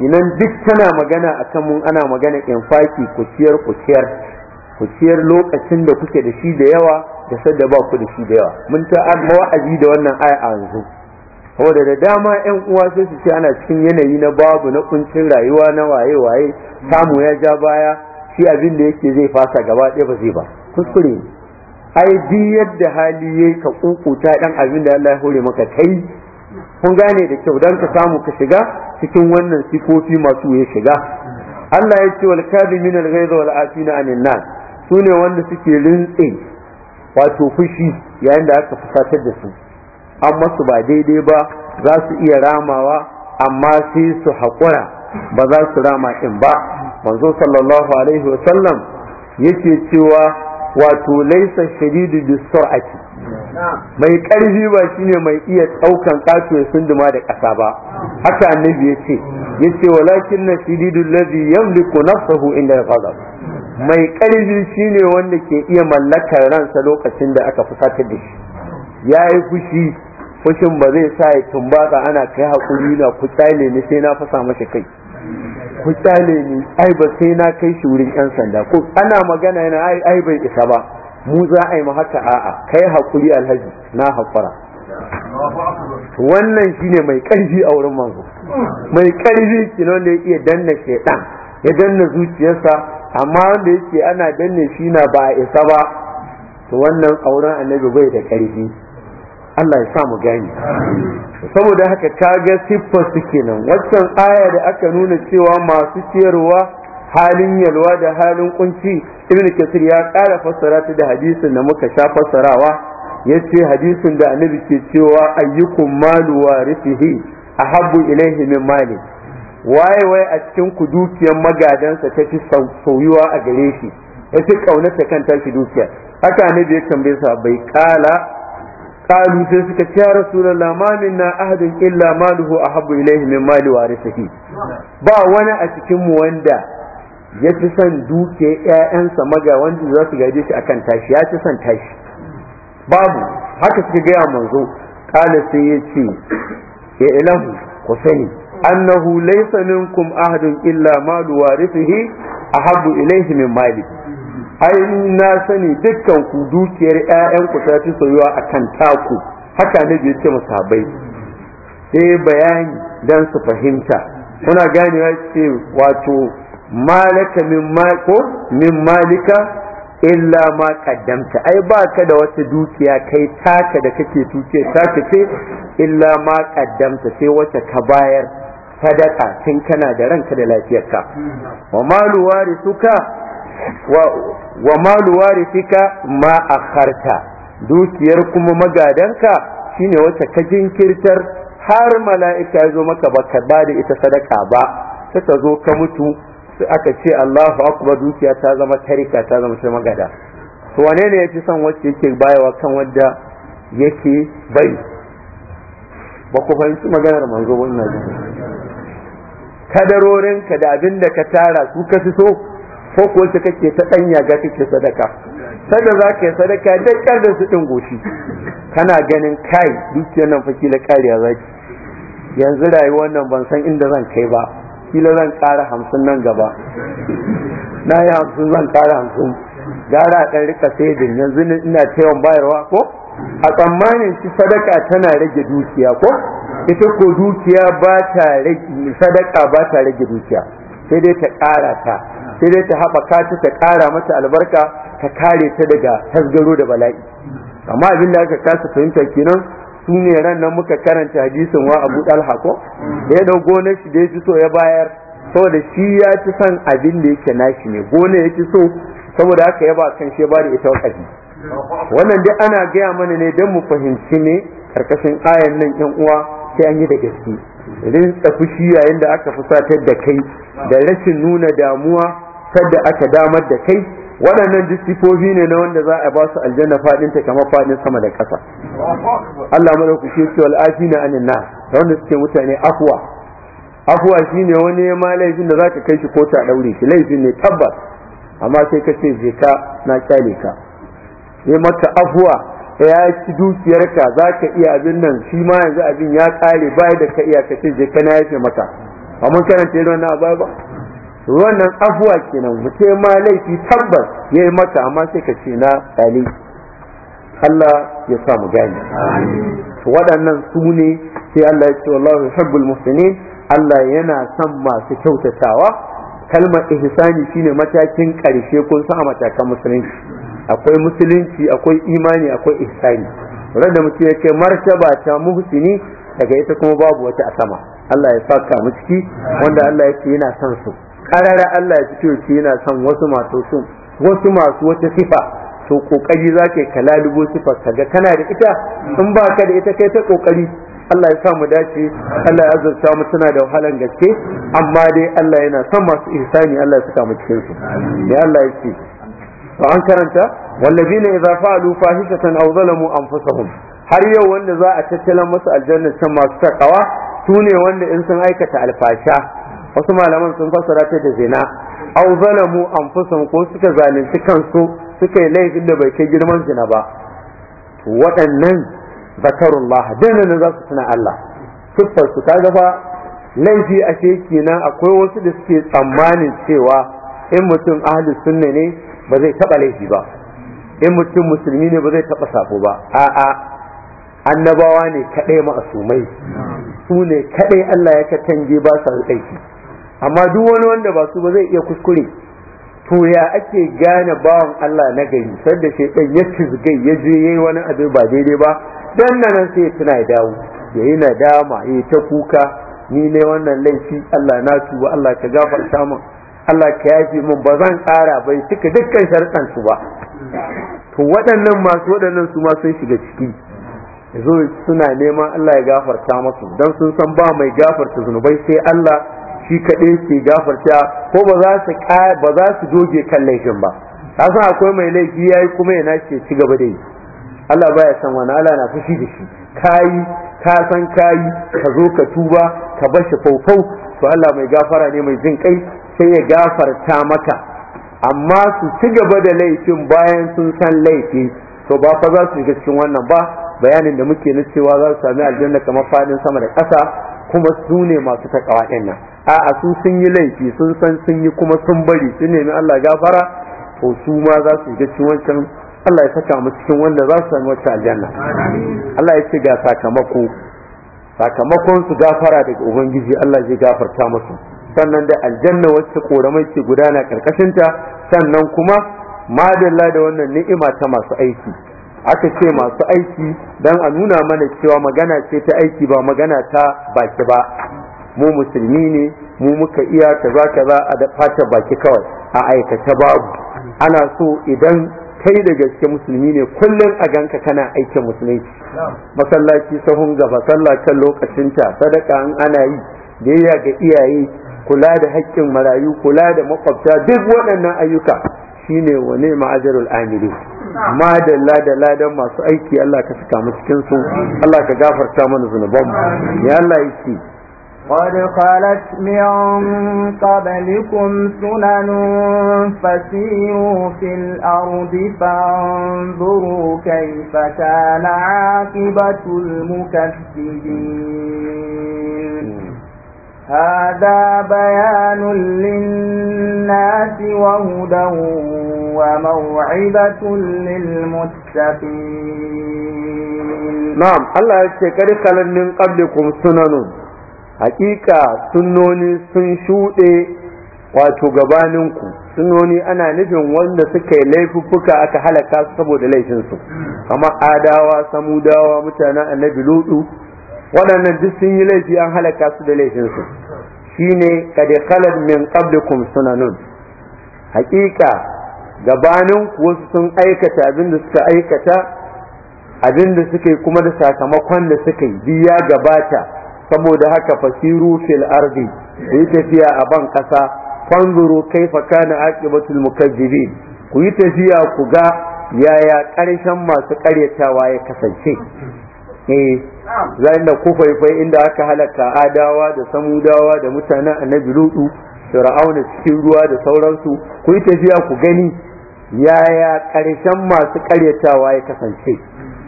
inan duk tana magana a kan mun ana magana infaki ku kuciyar-kuciyar lokacin da kuke da shi da yawa da sadda ba ku da shi da yawa mun ta wa'azi da wannan aya a yanzu saboda da dama yan uwa sai su ce ana cikin yanayi na babu na kuncin rayuwa na waye waye samu ya ja baya shi abin da yake zai fasa gaba ɗaya ba zai ba kuskure ne ai duk yadda hali yayi ka kukuta dan abin da Allah ya hore maka kai kun gane da kyau dan ka samu ka shiga cikin wannan sifofi masu ya shiga Allah ya ce wal min al ghaiz wal afina anin nas sune wanda suke rintse wato fushi yayin da aka fusatar da su amma su ba daidai ba za su iya ramawa amma sai su haƙura ba za su rama in ba manzo sallallahu alaihi wa sallam yake cewa wato laisa shadidu bi sur'ati mai karfi ba shine mai iya daukan kato ya sunduma da kasa ba haka annabi yace yace walakin na shadidu alladhi yamliku nafsuhu inda ghadab mai karfi shine wanda ke iya mallakar ransa lokacin da aka fusatar da shi yayi fushi fushin ba zai sa ya tumbatsa ana kai hakuri na kutsale ne ni sai na fasa mashi kai ku kyale ni ai ba sai na kai shi wurin yan sanda ko ana magana yana ai ai bai isa ba mu za a yi mu haka a'a kai hakuri alhaji na hakura wannan shine mai karfi a wurin manzo mai karfi kino da iya danna shedan ya danna zuciyarsa amma wanda yake ana danne shi na ba a isa ba to wannan auren annabi bai da karfi Allah ya sa mu gani saboda haka ga siffar su kenan waccan aya da aka nuna cewa masu ciyarwa halin yalwa da halin kunci ibnu kasir ya ƙara fassara ta da hadisin da muka sha fassarawa yace hadisin da annabi ke cewa ayyukum malu warithihi ahabbu ilayhi min mali waye waye a cikin ku dukiyar magadansa ta fi soyuwa a gare shi Ya yace ta kan tashi dukiya haka ne da ya tambaye sa bai kala qalu sai suka ce ya rasulullah ma minna ahadin illa maluhu ahabbu ilayhi min mali warithihi ba wani a cikin mu wanda ya fi son duk ƴaƴansa maga wanda za su gaje shi akan tashi ya fi son tashi babu haka suka gaya manzo kala sai ya ce ya ilahu ku sani annahu laysa minkum ahadun illa malu warithihi ahabbu ilayhi min mali ai na sani dukkan ku dukiyar ƴaƴan ku ta fi soyuwa akan taku haka ne bai ce musabai sai bayani dan su fahimta kuna ganewa ce wato malaka min mako, min malika illa ma kaddamta ai ba ka da wata dukiya kai taka da kake tuke taka ce illa ma kaddamta sai wata ka bayar sadaka tun kana da ranka da lafiyarka hmm. wa malu warisuka wa malu warithika ma akharta dukiyar kuma magadanka shine wacce ka jinkirtar har mala'ika ya zo maka baka ba da ita sadaka ba sai ta zo ka mutu sai aka ce Allahu akbar dukiya ta zama tarika ta zama ta magada to wane ne yake son wacce yake bayawa kan wanda yake bai ba ku fahimci maganar manzo wannan kadarorinka da abin da ka tara su ka fi so ko kuwa ta kake ta ɗanya ga kake sadaka sada za ka yi sadaka da ƙyar da su ɗin goshi kana ganin kai dukiyar nan fakila ƙariya za ki yanzu rayuwar nan ban san inda zan kai ba kila zan ƙara hamsin nan gaba na yi hamsin zan ƙara hamsin gara a ɗan rika saidin yanzu ina ta taiwon bayarwa ko a tsammanin shi sadaka tana rage dukiya ko ita ko dukiya ba ta rage sadaka ba ta rage dukiya sai dai ta ƙara ta sai dai ta haɓaka ta ta ƙara mata albarka ta kare ta daga tasgaro da bala'i amma abin da aka kasa fahimta kenan su ne ran nan muka karanta hadisin wa abu ɗalha ko da ya ɗau gonar shi da ya ci so ya bayar saboda shi ya ci son abin da yake nashi ne gona ya ci so saboda haka ya ba kan shi ba da ita wakafi wannan dai ana gaya mana ne don mu fahimci ne karkashin ayan nan yan uwa sai an yi da gaske rinsa fushi yayin da aka fusatar da kai da rashin nuna damuwa sadda aka damar da kai waɗannan jisifofi ne na wanda za a ba su aljanna faɗin ta kamar faɗin sama da ƙasa Allah mala ku ce wal afina anin nas wanda suke mutane afwa afwa shine wani ma laifin da zaka kai shi ko ta daure shi laifin ne tabbas amma sai ka ce je ka na kyale ka sai maka afwa ya ci dukiyarka zaka iya abin nan shi ma yanzu abin ya kare bai da ka iya ka ce je ka na yafe mata amma karanta tayar wannan ba ba wannan afuwa kenan mutum ma laifi tabbas ya yi mata, amma sai ka ce na ɗali Allah ya sa mu gani waɗannan su ne sai Allah ya ce wallahu yuhibbul muhsinin Allah yana son masu kyautatawa kalmar ihsani shine matakin ƙarshe kun san a matakan musulunci akwai musulunci akwai imani akwai ihsani wanda mutum ya kai martaba ta muhsini daga ita kuma babu wata a sama Allah ya saka mu ciki wanda Allah ya ce yana son su karara Allah ya fito shi yana son wasu masu sun wasu masu wata sifa to kokari zake ka ka lalubo kaga ka kana da ita in ba ka da ita kai ta kokari Allah ya sa mu dace Allah ya azurta mu suna da wahalan gaske amma dai Allah yana son masu ihsani Allah ya saka mu cikin su ya Allah ya ce to an karanta wallazina idza fa'alu fahishatan aw zalamu anfusahum har yau wanda za a tattala masu aljanna can masu takawa su ne wanda in sun aikata alfasha wasu malaman sun fassara ta da zina au zalamu anfusahum ko suka zalunci kansu suka yi laifin da bai kai girman zina ba waɗannan zakarullah dana za su tuna Allah siffar su ta gaba laifi a kenan akwai wasu da suke tsammanin cewa in mutum ahli sunna ne ba zai taba laifi ba in mutum musulmi ne ba zai taba safo ba a'a annabawa ne kadai ma'asumai su ne kadai Allah ya katange ba su laifi amma duk wani wanda ba su ba zai iya kuskure to ya ake gane bawan Allah na gari sanda shaiɗan ya cizgai ya je yayi wani abu ba daidai ba dan nan sai tuna ya dawo ya yi nadama ya ta kuka ni ne wannan laifi Allah na tuba Allah ka gafarta min Allah ka yafe min ba zan ƙara bai cika dukkan sharɗan su ba to waɗannan masu waɗannan su ma sun shiga ciki yanzu suna neman Allah ya gafarta musu, dan sun san ba mai gafarta zunubai sai Allah shi kaɗai ke gafarta ko ba za su ba za su doge kan laifin ba ka san akwai mai laifi yayi kuma yana ce ci gaba da yi Allah baya san wani ala na fushi da shi kayi ka san kayi ka zo ka tuba ka bashi shi faufau to Allah mai gafara ne mai jin kai sai ya gafarta maka amma su ci gaba da laifin bayan sun san laifi to ba fa za su shiga cikin wannan ba bayanin da muke na cewa za su sami aljanna kamar fadin sama da ƙasa kuma su ne masu takawa nan a'a su sun yi laifi sun san sun yi kuma sun bari sun nemi Allah gafara to su ma za su ga cikin wancan Allah ya saka mu cikin wanda za su samu wata aljanna Allah ya ce ga sakamako sakamakon su gafara daga ubangiji Allah zai gafarta musu sannan da aljanna wacce koramai ke gudana karkashin ta sannan kuma madalla da wannan ni'ima ta masu aiki aka ce masu aiki don a nuna mana cewa magana ce ta aiki ba magana ta baki ba mu musulmi ne mu muka iya kaza za a da fata baki kawai a aikata babu ana so idan kai da gaske musulmi ne kullum a ganka kana aikin musulunci masallaci sahun gaba lokacin lokacinta sadaka an ana yi biyayya ga iyaye kula da haƙƙin marayu kula da makwabta duk waɗannan ayyuka shine wane ma'ajarul amiri ma da don masu aiki Allah ka saka mu cikin su Allah ka gafarta mana zunubanmu ya Allah yake قد خلت من قبلكم سنن فسيروا في الأرض فانظروا كيف كان عاقبة المكذبين هذا بيان للناس وهدى وموعظة للمتقين نعم الله يتكرر من قبلكم سنن hakika sunnoni sun shuɗe wato gabaninku sunnoni ana nufin wanda suka yi laifuffuka aka halaka su saboda laifinsu kamar adawa samudawa mutanen annabi lutu waɗannan duk sun yi laifi an halaka su da laifinsu shine kade khalad min qablikum sunanun hakika gabanin wasu sun aikata abin da suka aikata abin suka kuma da sakamakon da suka yi biya gabata saboda haka fasiru fil ardi ku yi tafiya a ban kasa fanzuru na kana aqibatul mukazzibin ku yi tafiya ku ga yaya karshen masu ƙaryatawa ya kasance eh zai da ku faifai inda aka halaka adawa da samudawa da mutanen annabi lutu fir'auna cikin ruwa da sauransu ku yi tafiya ku gani yaya karshen masu karyatawa ya kasance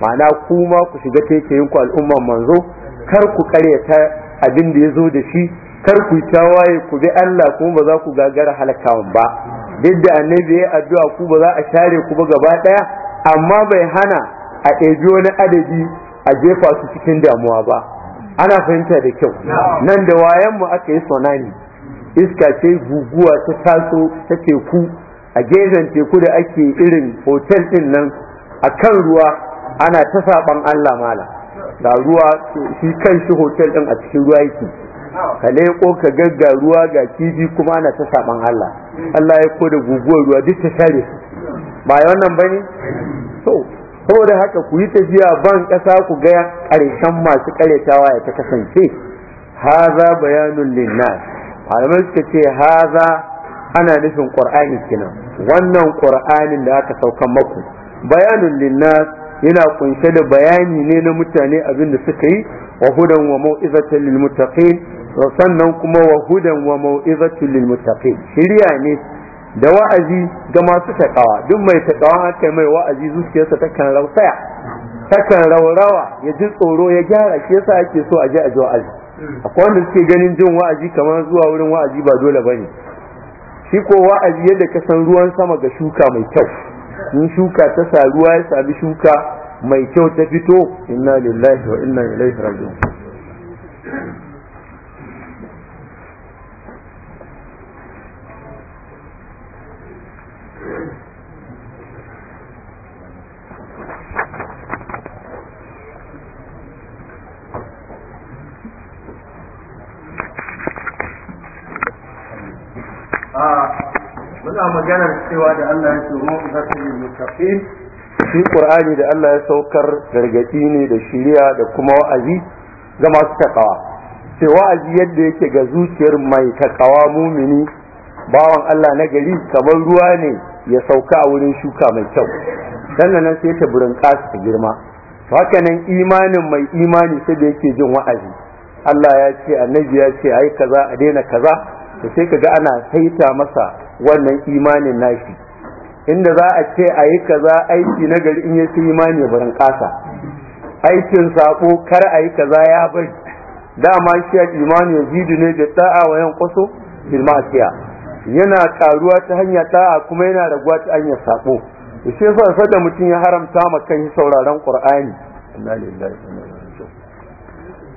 ma'ana kuma ku shiga tekayin ku al'umman manzo kar ku karyata abin da ya zo da shi kar ku tawaye ku bi Allah kuma ba za ku gagara halakawan ba duk da annabi ya addu'a ku ba za a share ku ba gaba daya amma bai hana a ɗebi wani adadi a jefa su cikin damuwa ba ana fahimta da kyau nan da wayan mu aka yi sonani iska ce guguwa ta taso ta teku a gefen teku da ake irin hotel din nan a kan ruwa ana ta saban Allah mallam ga ruwa shi kan shi hotel din a cikin ruwa yake ka leƙo ka gagga ruwa ga kifi kuma ana ta saban Allah Allah ya koda guguwar ruwa duk ta share ba ya wannan bane to saboda haka ku yi tafiya ban ƙasa ku ga ƙarshen masu ƙaretawa ya ta kasance haza bayanun linnas malamai suka ce haza ana nufin ƙur'ani kenan wannan ƙur'anin da aka saukan maku bayanun linnas yana kunshe da bayani ne na mutane abin da suka yi wa hudan wa mau'izatin lil muttaqin sannan kuma wa hudan wa mau'izatin lil muttaqin shirya ne da wa'azi ga masu takawa duk mai takawa aka mai wa'azi zuciyarsa takan rausaya kan raurawa ya ji tsoro ya gyara shi yasa ake so a je a ji wa'azi akwai wanda suke ganin jin wa'azi kamar zuwa wurin wa'azi ba dole bane shi ko wa'azi yadda ka san ruwan sama ga shuka mai kyau in shuka ta saruwa ya sami shuka mai kyau ta fito inna lillahi wa inna ilaihi raji'un ah, cewa da Allah rahim shi qur'ani da Allah ya saukar gargadi ne da shiriya da kuma wa'azi ga masu takawa sai wa'azi yadda yake ga zuciyar mai takawa mumini bawan Allah na gari kamar ruwa ne ya sauka a wurin shuka mai kyau dan nan sai ta burin kasu ta girma haka nan imanin mai imani sai da yake jin wa'azi Allah ya ce annabi ya ce ai kaza a daina kaza to sai kaga ana saita masa wannan imanin nashi inda za a ce a yi kaza aiki na gari in ya ci imani ya barin kasa aikin sako kar a yi kaza ya bari dama shi imani ya zidu ne da ta'a wa yan kwaso bilmasiya yana karuwa ta hanya ta'a kuma yana raguwa ta hanyar sako shi yasa sada mutum ya haramta ma kan sauraron qur'ani inna lillahi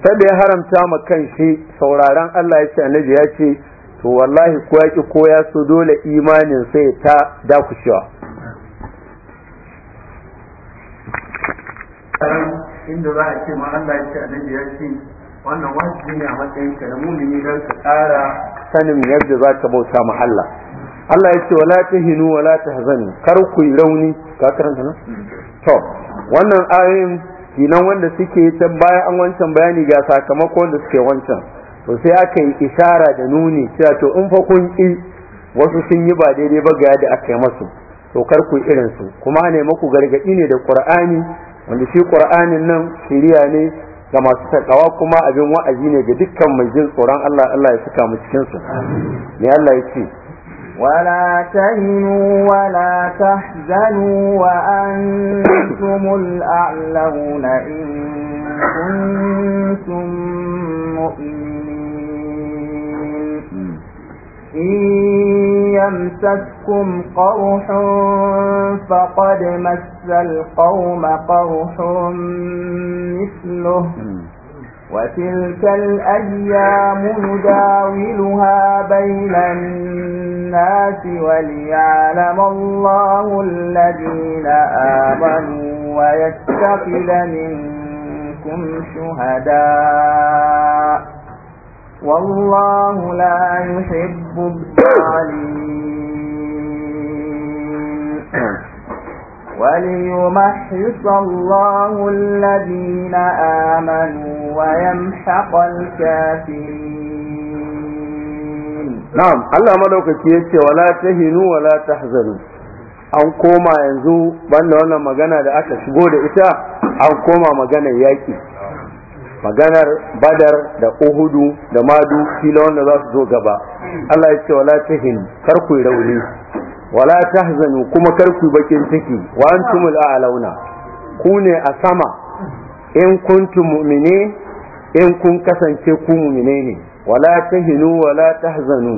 ya haramta ma kan shi sauraron Allah ya ce annabi ya ce to wallahi ko ya ki ko ya so dole imanin sai ta dakushewa inda za a ce ma Allah ya ce annabi ya ce wannan wajibi ne a matsayin ka da mulmi dan ka tsara sanin yadda za ka bauta ma Allah Allah ya ce wala tahinu wala tahzanu kar ku yi rauni ka karanta nan to wannan ayoyin kinan wanda suke can baya an wancan bayani ga sakamakon da suke wancan to sai aka yi ishara da nuni cewa to in fa kun ki wasu sun yi ba daidai ba ga da aka yi masu to kar ku irin su kuma ne maku gargadi ne da qur'ani wanda shi qur'anin nan shiriya ne ga masu takawa kuma abin wa'azi ne ga dukkan mai jin tsoron Allah Allah ya saka mu cikin su ne Allah ya ce ولا تهنوا ولا تحزنوا وأنتم الأعلون إن كنتم مؤمنين إن يمسككم قرح فقد مس القوم قرح مثله وتلك الأيام نداولها بين الناس وليعلم الله الذين آمنوا ويتخذ منكم شهداء والله لا يحب الظالمين وليمحص الله الذين آمنوا ويمحق الكافرين نعم الله ملوك كيتي ولا تهنوا ولا تحزنوا an koma yanzu banda wannan magana da aka shigo da ita an koma maganar yaƙi maganar badar da uhudu da madu kila wanda za su zo gaba Allah ya ce wala tahin kar rauni wala tahzanu kuma kar bakin ciki wa antumul a'launa ku ne a sama in kuntum mu'mine in kun kasance ku mu'mine ne wala tahinu wala tahzanu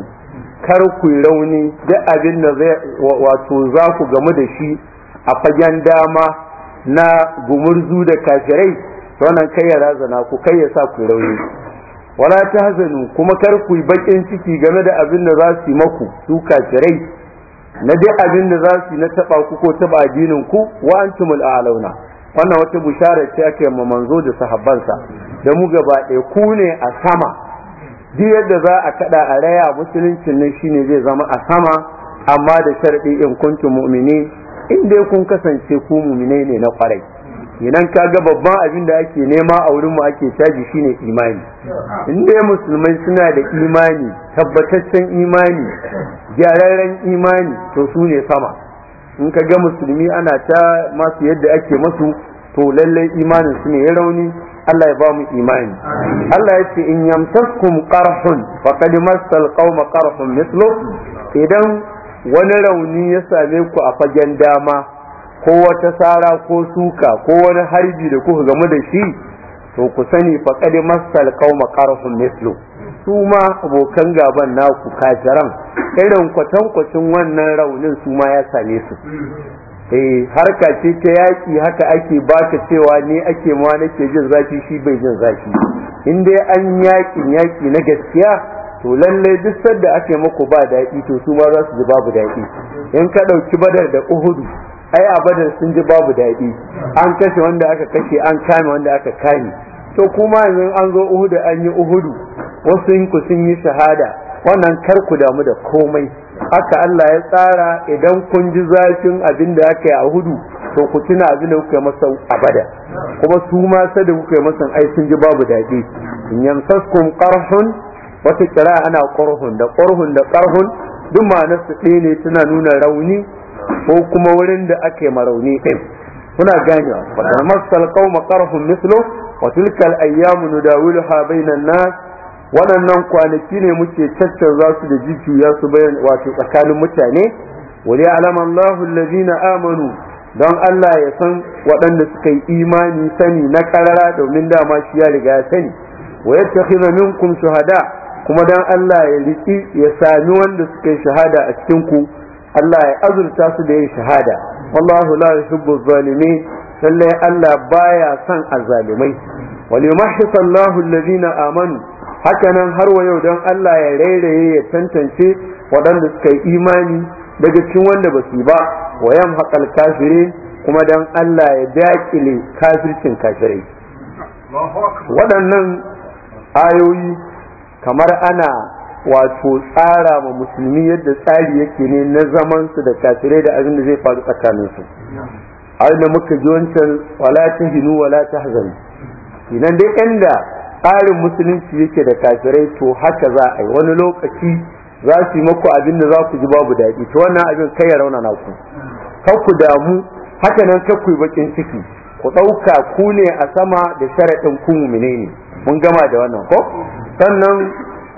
kar ku rauni duk abin da zai wato za ku gamu da shi a fagen dama na gumurzu da kafirai wannan kai ya razana ku kai ya sa ku rauni wala tahzanu kuma kar ku yi bakin ciki game da abin da za su yi maku su kafirai na dai abin da za su na taba ku ko taba addinin ku wa antumul a'launa wannan wata bushara ce ake ma manzo da sahabbansa da mu gaba ɗaya ku ne a sama duk yadda za a kada a raya musuluncin nan shine zai zama a sama amma da sharɗi in kuntum mu'minin in dai kun kasance ku mu'minai ne na kwarai kenan kaga babban abin da ake nema a wurin mu ake caji shine imani in dai musulmai suna da imani tabbataccen imani gyararren imani to su ne sama in ka ga musulmi ana ta masu yadda ake masu to lallai imanin su ne ya rauni Allah ya ba mu imani Allah ya ce in yamtaskum qarhun faqad masal qauma qarhun mithlu idan wani rauni ya same ku a fagen dama ko wata sara ko suka ko wani harbi da kuka game da shi to ku sani faqad masal kauma qarhum mislu su ma abokan gaban naku kafiran irin kwatankwacin wannan raunin su ma ya same su eh harka ce ta yaki haka ake baka cewa ne ake ma nake jin zafi shi bai jin zafi in dai an yaƙin yaƙi na gaskiya to lallai duk sadda ake muku ba daɗi to su ma za su ji babu daɗi in ka ɗauki badar da uhudu ai a badar sun ji babu daɗi an kashe wanda aka kashe an kame wanda aka kame to kuma yanzu an zo uhudu an yi uhudu wasu ku sun yi shahada wannan kar ku damu da komai haka Allah ya tsara idan kun ji zafin abin da aka yi a hudu, to ku tuna abin da kuka masa a kuma su ma da kuka masa ai sun ji babu daɗi in yamsaskum qarhun wata kira ana ƙorhun da ƙorhun da ƙarhun duk ma'anar su ɗaya ne tana nuna rauni ko kuma wurin da ake marauni ɗin kuna ganewa wata masal qauma ƙarhun mislo wa tilka al-ayyamu ha bainan na waɗannan kwanaki ne muke za su da ya su bayan wato tsakanin mutane Wani alaman alama Allahu amanu don Allah ya san waɗanda suka yi imani sani na ƙarara domin dama shi ya riga ya sani wa yattakhidha minkum shuhada' kuma dan Allah ya riki ya sami wanda suka yi shahada a cikin ku Allah ya azurta su da yin shahada wallahu la yuhibbu zalimi, lallai Allah baya son azzalimai wal yumahhis Allahu alladhina amanu hakanan har wa yau dan Allah ya rairaye ya tantance waɗanda suka yi imani daga cikin wanda ba su ba wa haƙar kafirin kuma dan Allah ya dakile kafircin kafirai waɗannan ayoyi kamar ana wato tsara ma musulmi yadda tsari yake ne na zaman su da kafirai da abin da zai faru tsakaninsu, su har da muka ji wancan wala ta hinu wala ta hazan idan dai inda tsarin musulunci yake da kafirai to haka za a yi wani lokaci za su yi maku abin da za ku ji babu daɗi to wannan abin kai ya rauna na ku kar ku damu haka nan kar ku yi bakin ciki ku ɗauka ku ne a sama da sharaɗin ku ne mun gama da wannan ko sannan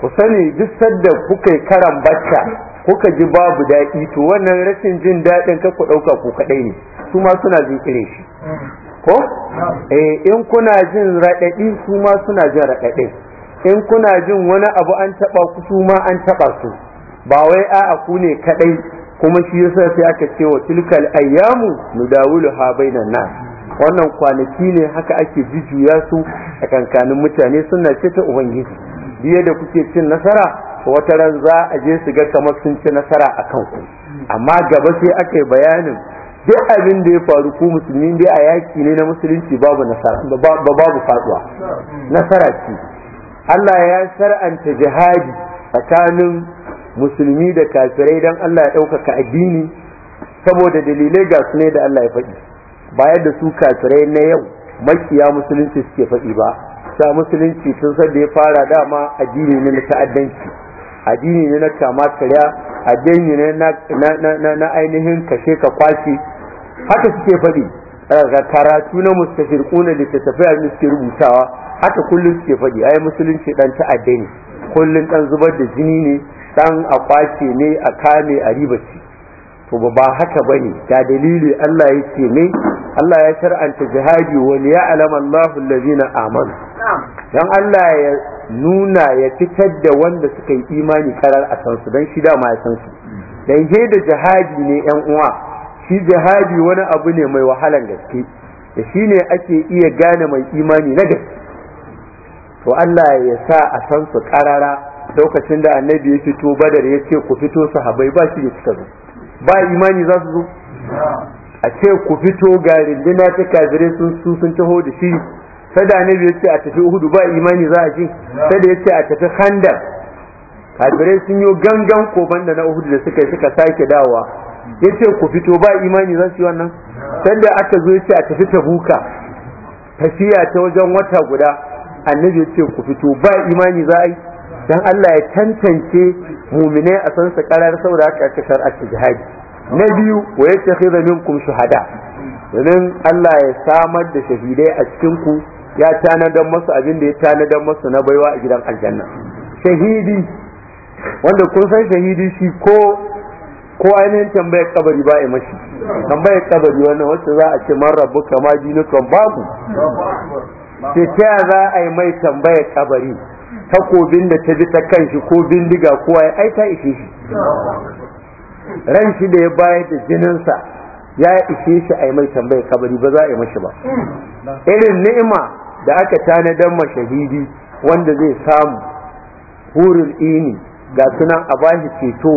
ku sani duk sadda kuka yi karan bacca kuka ji babu daɗi to wannan rashin jin daɗin ka ku ɗauka ku kaɗai ne su ma suna zikirin shi ko eh in kuna jin raɗaɗi su ma suna jin raɗaɗi in kuna jin wani abu an taɓa ku su ma an taɓa su ba wai a'a ku ne kaɗai kuma shi yasa sai aka ce wa tilkal ayyamu nudawulu ha bainan nas wannan kwanaki ne haka ake jujjuya su a kankanin mutane suna ce ta ubangiji biye da kuke cin nasara wata ran za a je su ga kamar sun ci nasara a ku. amma gaba sai aka yi bayanin duk abin da ya faru ku musulmi dai a yaki ne na musulunci babu nasara babu faduwa nasara ce Allah ya shar'anta jihadi tsakanin musulmi da kafirai dan Allah ya ɗaukaka addini saboda dalilai ga su ne da Allah ya faɗi ba da su kafirai na yau makiya musulunci suke faɗi ba sa musulunci sun san da ya fara dama addini ne na ta'addanci addini ne na kama karya addini ne na ainihin kashe ka kwace haka suke faɗi daga karatu na mustashirkuna da ke tafiya da suke rubutawa haka kullum suke faɗi ai musulunci dan ta'addani ne kullum dan zubar da jini ne dan a kwace ne a kame a ribaci to ba haka ba bane ga dalili Allah ya ce ne Allah ya shar'anta jihadi wani alama Allahu allazina amanu dan Allah ya nuna ya fitar da wanda suka yi imani karar a sansu don dan shi dama ya sansu da jihadi ne yan uwa shi jihadi wani abu ne mai wahalan gaske da shi ne ake iya gane mai imani na gaske to Allah ya sa a sansu karara lokacin da annabi ya fito badar ya ce ku fito sahabai ba shi ya cika zuwa ba imani za su zo a ce ku fito ga rindina ta kafirai sun su sun taho da shi sai da annabi yace a tafi uhudu ba imani za a je sai da a tafi khandar kafirai sun yi gangan koban da na uhudu da suka suka sake dawa ya ce ku fito ba imani za su yi wannan sai da aka zo yace a tafi tabuka tafiya ta wajen wata guda annabi ya ce ku fito ba imani za a yi dan Allah ya tantance mu'minai a san su karar saboda haka aka jihadi na biyu wa yattakhidha minkum shuhada domin Allah ya samar da shahidai a cikin ku ya tanadar masu abin da ya tanadar masu na baiwa a gidan aljanna shahidi wanda kun san shahidi shi ko ko ainihin tambayar kabari ba a mashi tambayar kabari wannan wacce za a ce man rabu kama kan babu ce ta za a yi mai tambayar kabari takobin da ta bi ta kanshi ko bindiga ko ya ai ta ishe shi ran shi da ya bayar da jininsa ya ishe shi a yi mai tambaya kabari ba za a yi mashi ba irin ni'ima da aka tanadan mashahidi wanda zai samu hurin ini ga sunan a bashi ceto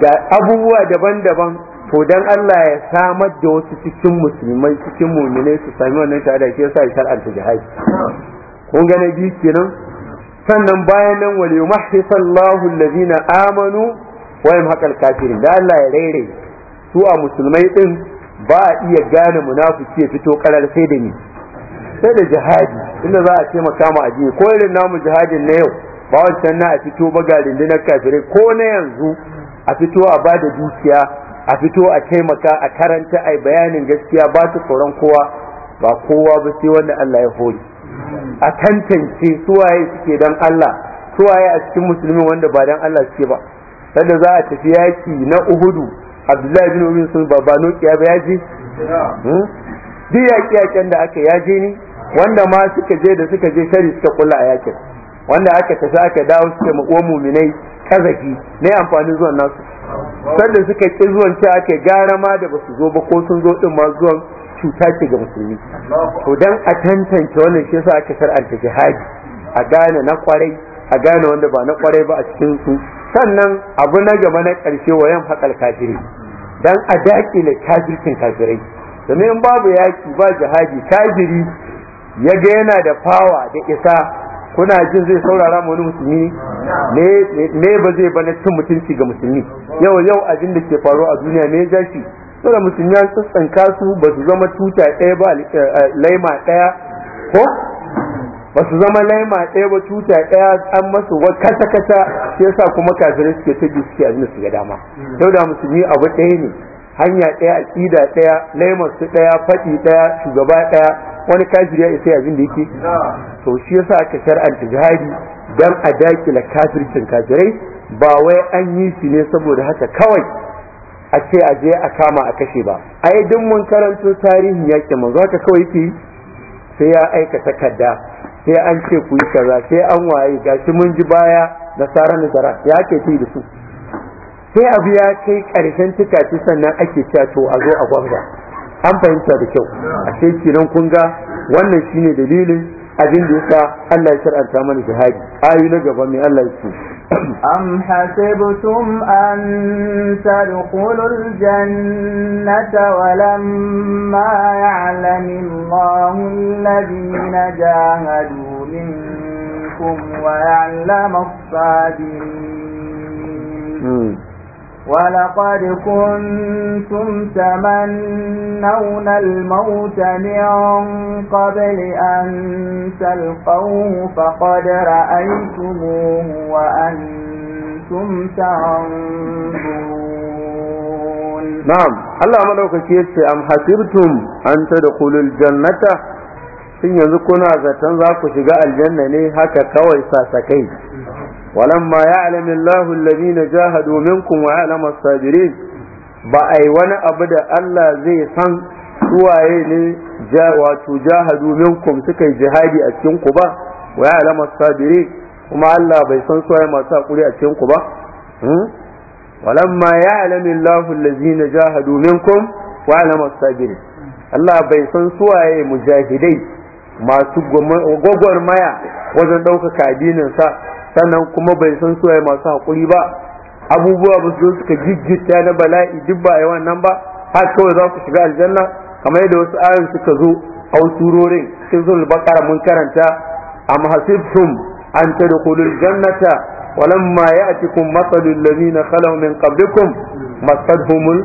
ga abubuwa daban-daban to dan Allah ya samar da wasu cikin musulmai cikin muminai su sami wannan tare da shi yasa ya shar'anta jihadi kun ga na kenan sannan bayan nan wal Allahu alladhina amanu wa yamhaqal kafirin da Allah ya rere su a musulmai din ba a iya gane munafiki ya fito karar sai da ni sai da jihadi inda za a ce makama a jiya ko irin namu jihadin na yau ba wancan na a fito ba ga rundunar kafirai ko na yanzu a fito a ba da dukiya a fito a taimaka a karanta a bayanin gaskiya ba su tsoron kowa ba kowa ba sai wanda Allah ya hori a tantance suwaye suke dan Allah suwaye a cikin musulmi wanda ba dan Allah suke ba sanda za a tafi yaki na Uhudu Abdullahi bin Ubin sun ba ba nokiya ba ya je hmm? duk yaki yaken da aka yaje ni, wanda ma suka je da suka je shari suka kula a yakin wanda aka tafi aka dawo suka maƙo muminai kazaki ne amfani zuwan nasu sanda suka ki zuwan ce aka gara ma da basu zo ba ko sun zo din ma zuwan cuta ce ga musulmi to dan a tantance wannan shi yasa aka shar'anta jihadi a gane na kwarai a gane wanda ba na kwarai ba a cikin su sannan abu na gaba na karshe wayan haƙal kafiri dan a daki daƙile kafircin kafirai domin in babu yaki ba jihadi kafiri ya ga yana da fawa da isa kuna jin zai saurara mu wani musulmi ne ba zai bane cin mutunci ga musulmi yau yau abin da ke faruwa a duniya ne ya shi saboda musulmi an sassanka su ba su zama tuta ɗaya ba eh, eh, laima ɗaya ko ba su zama laima ɗaya ba tuta ɗaya an masu wa kata kata shi sa kuma kafirai suke ta suke abin su ga dama dauda musulmi abu ɗaya ne hanya ɗaya aƙida ɗaya laimar su ɗaya faɗi ɗaya shugaba ɗaya wani kafiri ya isa abin da yake to shi yasa aka shar'anta jihadi dan a dakila kafircin kafirai ba wai an yi shi ne saboda haka kawai a ce a je a kama a kashe ba A yi duk mun karanto tarihin yakin manzo haka kawai yake sai ya aika takarda sai an ce ku yi kaza sai an waye gashi mun ji baya na tsara nazara ya ke ci da su sai abu ya kai karshen tikaci sannan ake cewa to a zo a gwamza an fahimta da kyau a ce kinan kun ga wannan shine dalilin abin da yasa Allah ya shar'anta mana jihadi ayu na gaba mai Allah ya ce أم حسبتم أن تدخلوا الجنة ولما يعلم الله الذين جاهدوا منكم ويعلم الصابرين ولقد كنتم تمنون الموت من قبل أن تلقوه فقد رأيتموه وأنتم تنظرون نعم الله ملوك كيف أم حسبتم أن تدخلوا الجنة shin yanzu kuna zaton za ku shiga aljanna ne haka kawai sasakai ولما يعلم الله الذين جاهدوا منكم wa الصابرين as-sabirin ba ai wani abu da Allah zai san suwaye ne wato jahadu minkum suka yi jihadi a ba wa ya'lamu as-sabirin kuma Allah bai san suwaye masu ba wa sabirin Allah bai san suwaye mujahidai masu gwagwarmaya wajen ɗaukaka sa sannan kuma bai san suwaye masu haƙuri ba abubuwa ba su suka jijjita na bala'i duk ba yi nan ba har kawai za ku shiga aljanna kamar yadda wasu ayan suka zo a surorin sun zuwa bakara mun karanta am hasibtum an tadkhulul jannata walamma ya'tikum mathalul ladina khalaw min qablikum masadhumul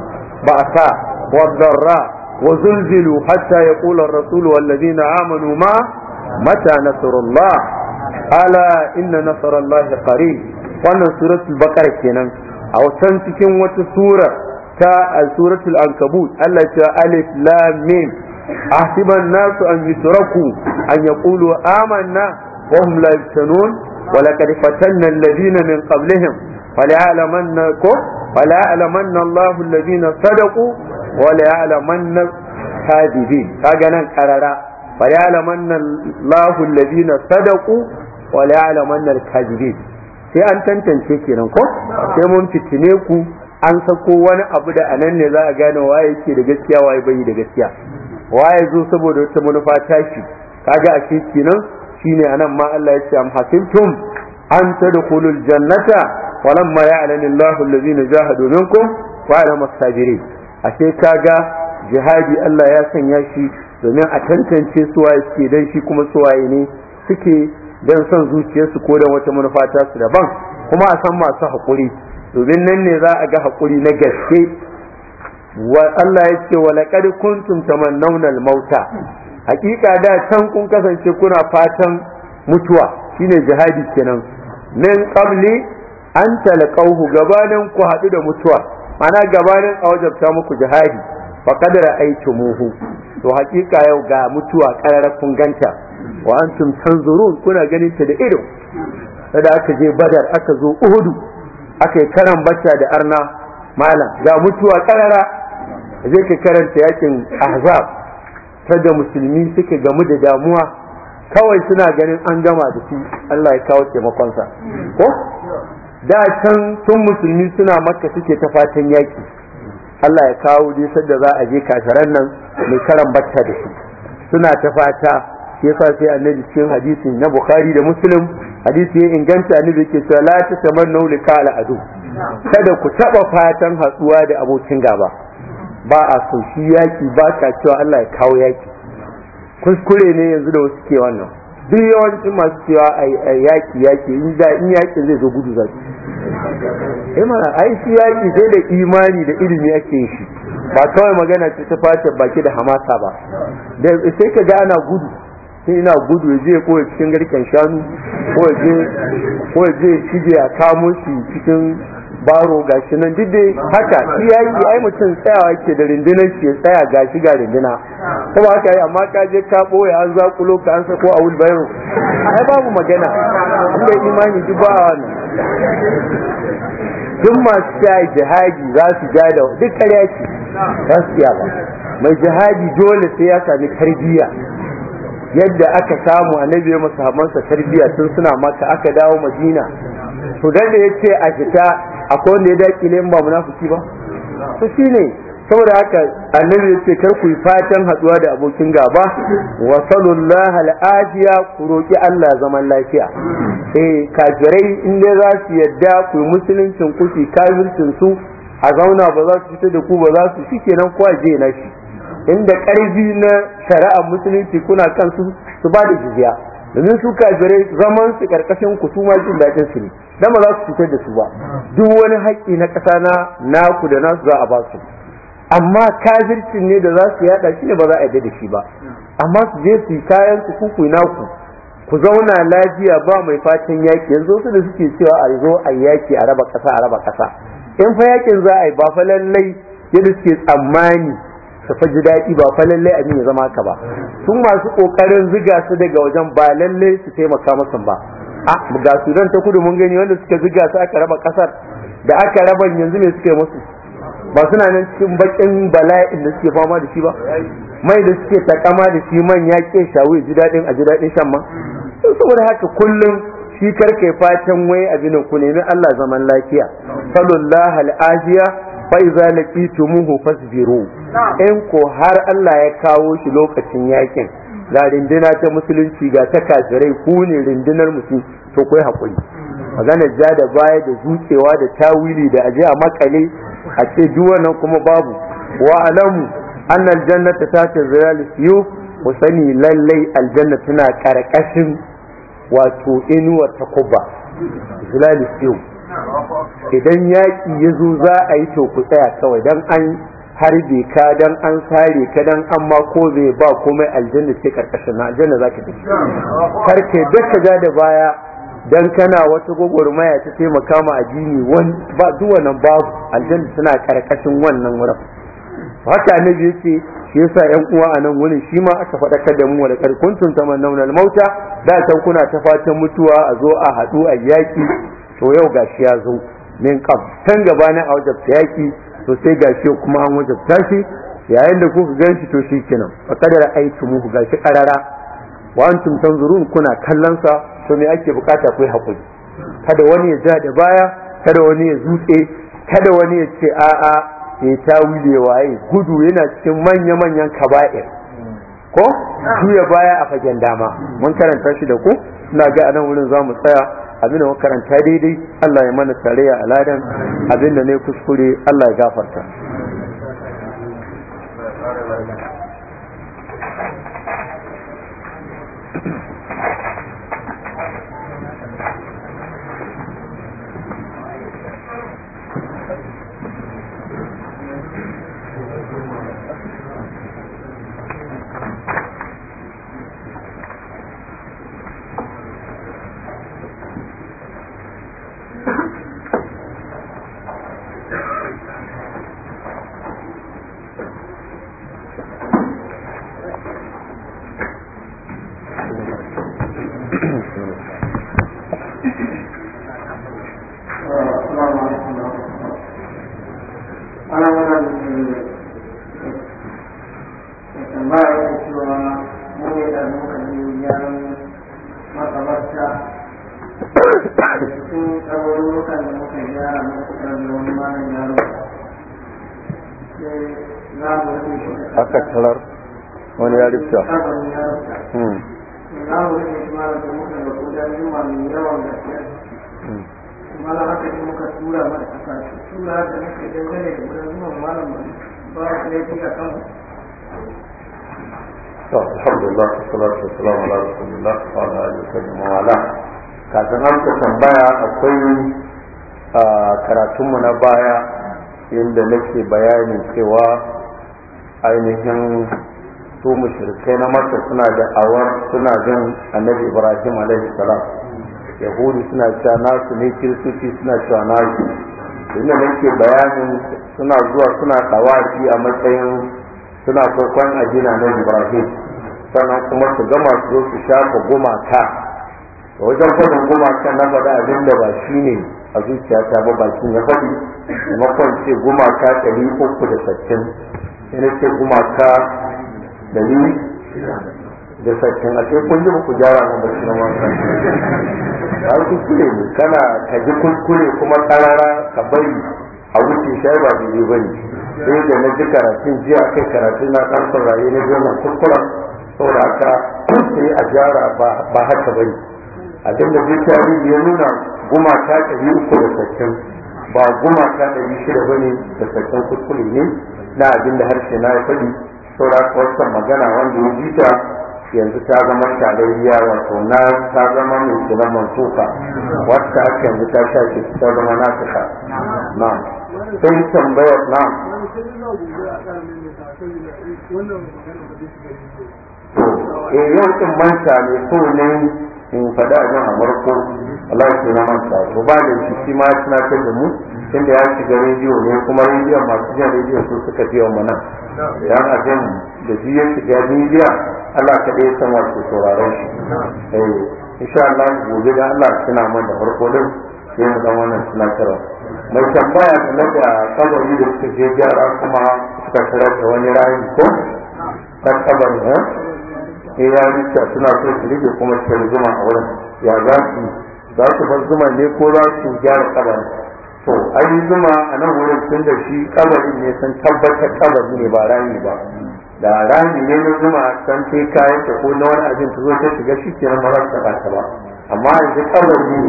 ba'sa wad-dharra wa zulzilu hatta ya ar-rasul wal amanu ma mata nasrullah ala inna nasarallahi qarib wannan suratul baqara kenan a wancan cikin wata surar ta suratul ankabut Allah ya ce alif lam mim nasu an yusraku an yaqulu amanna wa hum la yaftanun wa laqad min qablihim فليعلمن فليعلمن الله الذين صدقوا وليعلمن الكاذبين كاجا نان فليعلمن الله الذين صدقوا wa al'aman al-kadibin sai an tantance kenan ko sai mun fitine ku an sako wani abu da anan ne za a gane waye yake da gaskiya waye bai da gaskiya waye zo saboda wata manufa tashi kaga a kenan shine anan ma Allah ya ce am hasibtum an tadkhulul jannata walamma ya'lamu Allahu allazina jahadu minkum wa ya'lamu as a sai kaga jihadi Allah ya sanya shi domin a tantance su waye suke dan shi kuma su waye ne suke don son zuciyarsu ko da wata manufa su daban kuma a san masu haƙuri domin nan ne za a ga haƙuri na gaske wa Allah ya ce wa laqad kuntum tamannawna al-mauta hakika da can kun kasance kuna fatan mutuwa shine jihadi kenan nan qabli an ƙauhu, gabanin ku haɗu da mutuwa mana gabanin a wajabta muku jihadi faqad aitumuhu to hakika yau ga mutuwa kun ganta wa antum tanzurun kuna ganin ta da ido da aka je badar aka zo uhudu aka yi karan bacca da arna malam ga mutuwa karara zai ka karanta yakin ahzab ta da musulmi suke gamu da damuwa kawai suna ganin an gama da shi Allah ya kawo taimakonsa ko da can tun musulmi suna makka suke ta fatan yaki Allah ya kawo dai da za a je kasaran nan mai karan batta da shi suna ta fata shi yasa sai annabi cikin hadisi na bukhari da muslim hadisi ya inganta annabi yake cewa la tatamannu lika al adu kada ku taba fatan hatsuwa da abokin gaba ba a so shi yaki ba ka cewa Allah ya kawo yaki kuskure ne yanzu da wasu ke wannan duk yawancin masu cewa yaki yaki in za in yaki zai zo gudu za su eh ai shi yaki sai da imani da ilimi ake shi ba kawai magana ce ta fata baki da hamasa ba da sai ka ga ana gudu sai ina gudu ya je koya cikin garken shanu ko ya je cije a kamo shi cikin baro gashi nan duk dai haka shi yi ai mutum tsayawa ke da rindinar shi ya tsaya gashi ga rindina ko ba haka yi amma ka je ka boye an zakulo ka an sako a wulbairo ai babu magana inda imani duk ba wani duk masu jihadi jihadi za su ja da duk kariya ce za su ba mai jihadi dole sai ya sami karbiya. yadda aka samu annabi ya masahabansa tarbiyya tun suna maka aka dawo madina to dan da yace a fita akwai wanda ya ne, ba munafiki ba to shine saboda haka annabi yace kar ku yi fatan haduwa da abokin gaba wa sallallahu al'afiya ku roki Allah zaman lafiya eh kafirai in dai za su yadda ku yi musuluncin ku ki kafircin su a zauna ba za su fita da ku ba za su shikenan kowa je na shi inda ƙarfi na shari'ar musulunci kuna kan su su ba da jizya domin su kafirai zaman su karkashin ku su ma jin daɗin su ne dan ba za su cutar da su ba duk wani haƙƙi na ƙasa na naku da nasu za a ba su amma kafircin ne da za su yada shi ne ba za a yadda da shi ba amma su je su yi kayan su kuku naku ku zauna lafiya ba mai fatan yaƙi yanzu su da suke cewa a zo a yaki a raba ƙasa a raba ƙasa in fa yakin za a yi ba fa lallai yadda suke tsammani su faji daɗi ba fa lallai a ya zama haka ba sun masu ƙoƙarin ziga su daga wajen ba lallai su taimaka masu ba a ga sudan ta kudu mun gani wanda suka ziga su aka raba ƙasar da aka raba yanzu me suka yi musu ba suna nan cikin baƙin bala'in da suke fama da shi ba mai da suke takama da shi man ya ke shawo ji daɗin a ji daɗin shan ma saboda haka kullum shi karka yi fatan wai abinin ku nemi Allah zaman lafiya sallallahu al'ajiya fa iza laqitumuhu fasbiru in ko har Allah ya kawo shi lokacin yakin ga rindina ta musulunci ga ta kafirai ku ne rindinar musu to kai hakuri magana ja da baya da zucewa da tawili da aje a makale a ce duk nan kuma babu wa alamu annal jannata ta ta zilal siyu ku sani lallai aljanna tana karkashin wato inuwa ta kuba zilal siyu idan yaƙi ya zo za a yi to ku tsaya kawai dan an harbe ka dan an sare ka dan amma ko zai ba komai aljanna ce karkashin na aljanna za ka tafi karke duk ka ja da baya dan kana wata gwagwarmaya ta taimaka ma addini ba duwa nan babu aljanna suna karkashin wannan wurin haka annabi yace shi yasa yan uwa a nan wurin shi ma aka faɗakar da mu wa kar kuntum tamannawna almauta da san kuna ta fatan mutuwa a zo a haɗu a yaki to yau gashi ya zo min kam tan gaba na a wajen yaki to sai shi kuma an wuce shi yayin da kuka ganshi to shi kenan fa kadara ga shi karara wa antum tanzurun kuna kallon sa to me ake bukata ku hakuri kada wani ya ja da baya kada wani ya zutse kada wani ya ce a'a ya wuce waye gudu yana cikin manya manyan kaba'ir ko juya baya a fagen dama mun karanta shi da ku ina ga anan wurin zamu tsaya abin da makaranta daidai Allah ya mana tarayya a ladan da ne kuskure Allah ya gafarta inda nake bayani cewa ainihin su mushrikai na masa suna da awar suna jin annabi ibrahim alaihi salam yahudi suna cewa nasu ne kiristoci suna cewa nasu inda nake bayanin suna zuwa suna dawaki a matsayin suna farkon ajina na ibrahim sannan kuma su gama su zo su shafa gumaka wajen faɗin gumaka na faɗa abin da ba shi ne a ta ba bakin ya faɗi makon ce gumaka ɗari uku da sattin yana ce gumaka ɗari da sattin a sai kun ji ba ku gyara mu basu na wanka ba kuskure ne kana ka ji kuskure kuma tsarara ka bari a wuce shi ba daidai ba bari sai da na ji karatun jiya kai karatun na ɗan raye na biyu na kuskuren saboda haka sai a gyara ba haka ba ne abinda zai tarihi ya nuna gumaka ɗari uku da sattin ba ta ɗari shida ba ne da sakin kuskure ne na abin da harshe na ya faɗi saura wancan magana wanda ya jita yanzu ta zama shalayya wato na ta zama mai kiran mantoka wata aka yanzu ta sha ke ta zama na suka na sai tambayar na eh yau in manta ne so ne in faɗa a jan a Allah ke na manta ko ba da shi shi ma suna ta da mu inda ya shiga rediyo ne kuma rediyon masu jan rediyo su suka biya mana nan yan ajin da shi ya shiga rediyo Allah ka dai san wato sauraron shi eh insha Allah gobe da Allah suna mun da farko din sai mu ga wannan karo mai tambaya da da kabari da suka je gyara kuma suka tsara da wani rayu ko ta kabari ha eh? eh, ya yi suna so su rike kuma su zuma a wurin ya za su za su bar zuma ne ko za su gyara kabari to an zuma a nan wurin tun da shi kabari ne sun tabbatar kabari ne ba rami ba da rami ne na zuma san fi kayan ta ko na wani abin ta zo ta shiga shi ke ba marar su ba amma yanzu kabari ne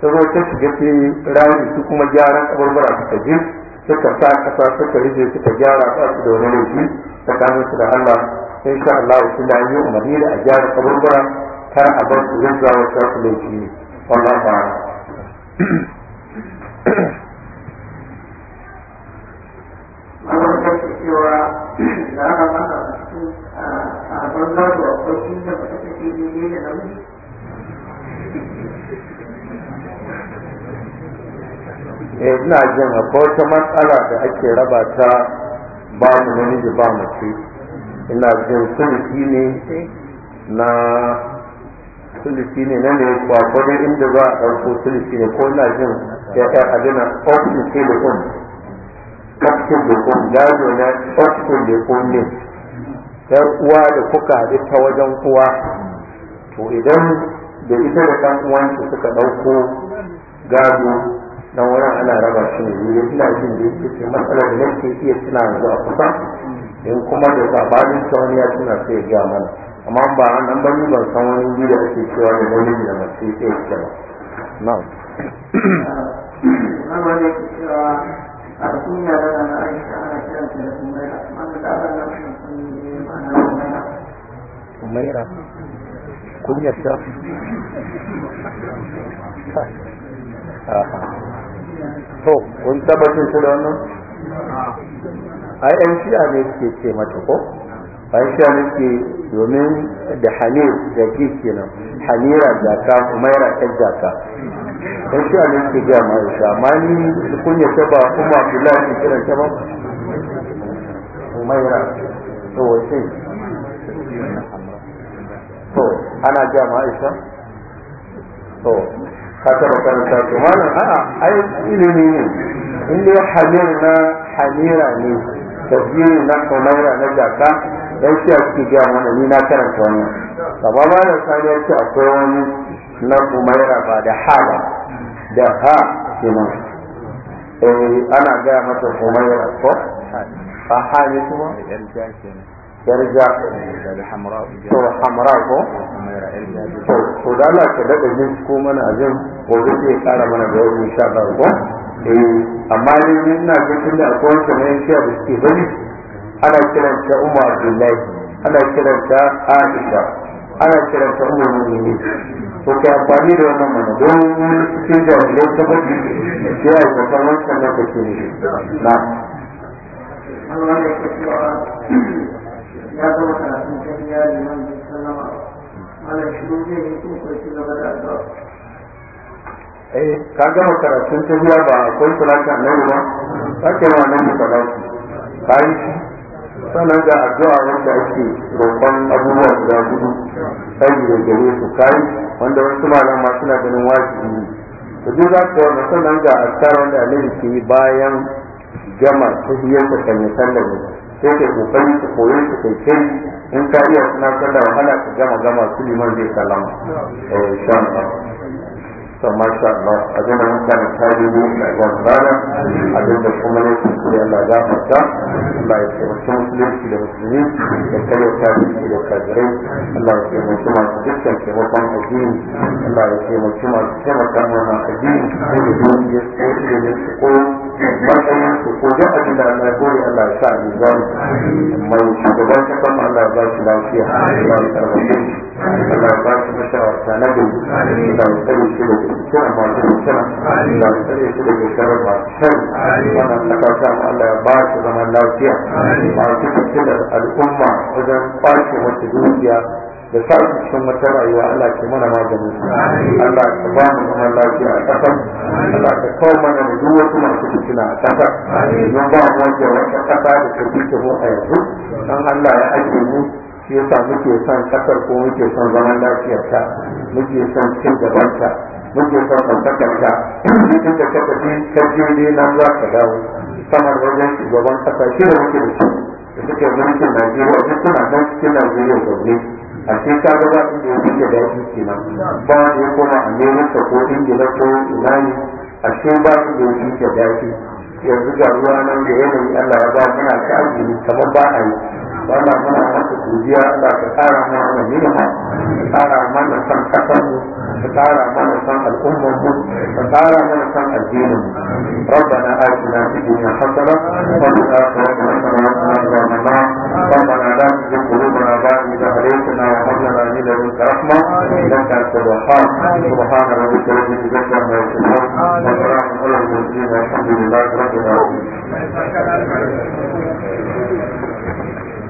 ta zo ta shiga sai rami su kuma gyaran kabarbara suka je suka sa kasa suka su suka gyara ba su da wani laifi tsakanin su da Allah sai sha Allah sun da yi umarni da a gyara kabarbara kar a bar su yanzu a laifi ne คนละฝ่าย ina sulisi ne na ne inda za a ɗauko ne ko ina jin ya ta na ofin da ne ya uwa da kuka haɗu ta wajen kuwa to idan da ita da ɗan suka ɗauko gado dan wurin ana raba shi ne biyu ina jin da yake matsalar da nake iya tuna yanzu a kusa amma ba an dan ni ban san wani yi da ake cewa da wani ne mace sai ita ba na'am amma ne cewa a cikin yara na aisha ana kiran ta da kumaira amma da ba na san ne ma'ana kumaira kumaira kunyar ta to kun tabbatar da wannan ai an shi ne ke ce mata ko an sha nake domin da hanir da ke kenan hanira jaka umaira ta jaka an sha nake ga ma isha amma ni kunya ta ba kuma abdullahi ke kiran ta ba umaira to wace to ana ga ma isha to ka ta makaranta to malam a'a ai ilimi ne inda dai na hanira ne tafiye na umaira na jaka wai shi a cikin gaya mana ni na karanta wannan gaba ma da sani ya ce akwai wani na umaira ba da hala da ha kenan eh ana gaya mata umaira ko a hali kuma yarja to hamra ko to da Allah ka daɗa jin ko mana jin gobe zai kara mana da yau insha Allah ko eh amma ni ina ga tunda akwai wani kamar a da ana kiranta umar abdullahi ana kiranta aisha ana kiranta umar mu'minin to amfani da wannan mana don wani cikin jami'ai ta baki sai a yi kwatar wancan na kake ne na ya ka gama karatun ba akwai annabi ba ka yi sannan ga addu'a wanda ake roƙon abubuwa guda gudu, sai da gare su kai wanda wasu malama suna ganin wajibi ne to duk za ku wanda sannan ga azkar wanda annabi ke bayan gama tahiyar ta kan yi sallar sai ka kokari ka koyi su kai kai in ka iya suna sallar wahala ka gama gama su liman zai salama eh to masha Allah abin da muka da tabi ne da zuwan rana abin da kuma ne su ne Allah ya fata Allah ya musulunci da musulmi da kayyar kafirci da kafirai Allah ya taimaki masu dukkan taimakon addini Allah ya taimaki masu taimakon mana addini ko da dukiyar matsayin su ko duk abin da Allah ya gori Allah ya sa ni zan mai shugaban kasan Allah ya ba shi lafiya ya shi Allah ya ba shi na gari tsare shi da kira masu kira Allah tsare shi da kira shan Allah ya ba shi zaman lafiya masu cikin al'umma wajen kwashe wata dukiya da sa su cikin wata rayuwa Allah ke mana maganin su Allah ka ba mu zaman lafiya a ƙasar Allah ka kawo mana da duk wasu masu fitina a ƙasar don ba mu wanda wata ƙasa da ta fi kebo a yanzu don Allah ya ake mu shi yasa muke son ƙasar ko muke son zaman lafiyar ta muke son cin gaban ta muke son ɗaukakar ta duk da ka tafi ka je ne nan za ka dawo samar wajen shugaban ƙasa shi da muke da shi da suke mulkin Najeriya duk suna nan cikin Najeriya ne a ce ka ga ba inda ya fiye da shi ke nan ba wanda ya koma amerika ko ingila ko irani a ce ba inda ya fiye da shi yanzu ga ruwa nan da yanayi allah ya ba muna ta azumi kamar ba a yi wannan muna masa godiya da ka tsara mana nima ka tsara mana san kasanmu ka tsara mana san al'ummarmu ka tsara mana san addininmu ربنا آتنا في الدنيا حسنة وفي الآخرة حسنة وقنا عذاب النار ربنا لا تزغ قلوبنا بعد إذ هديتنا وهب لنا من لدنك رحمة إنك أنت الوهاب سبحان ربك رب العزة عما يصفون وسلام على المرسلين والحمد لله رب العالمين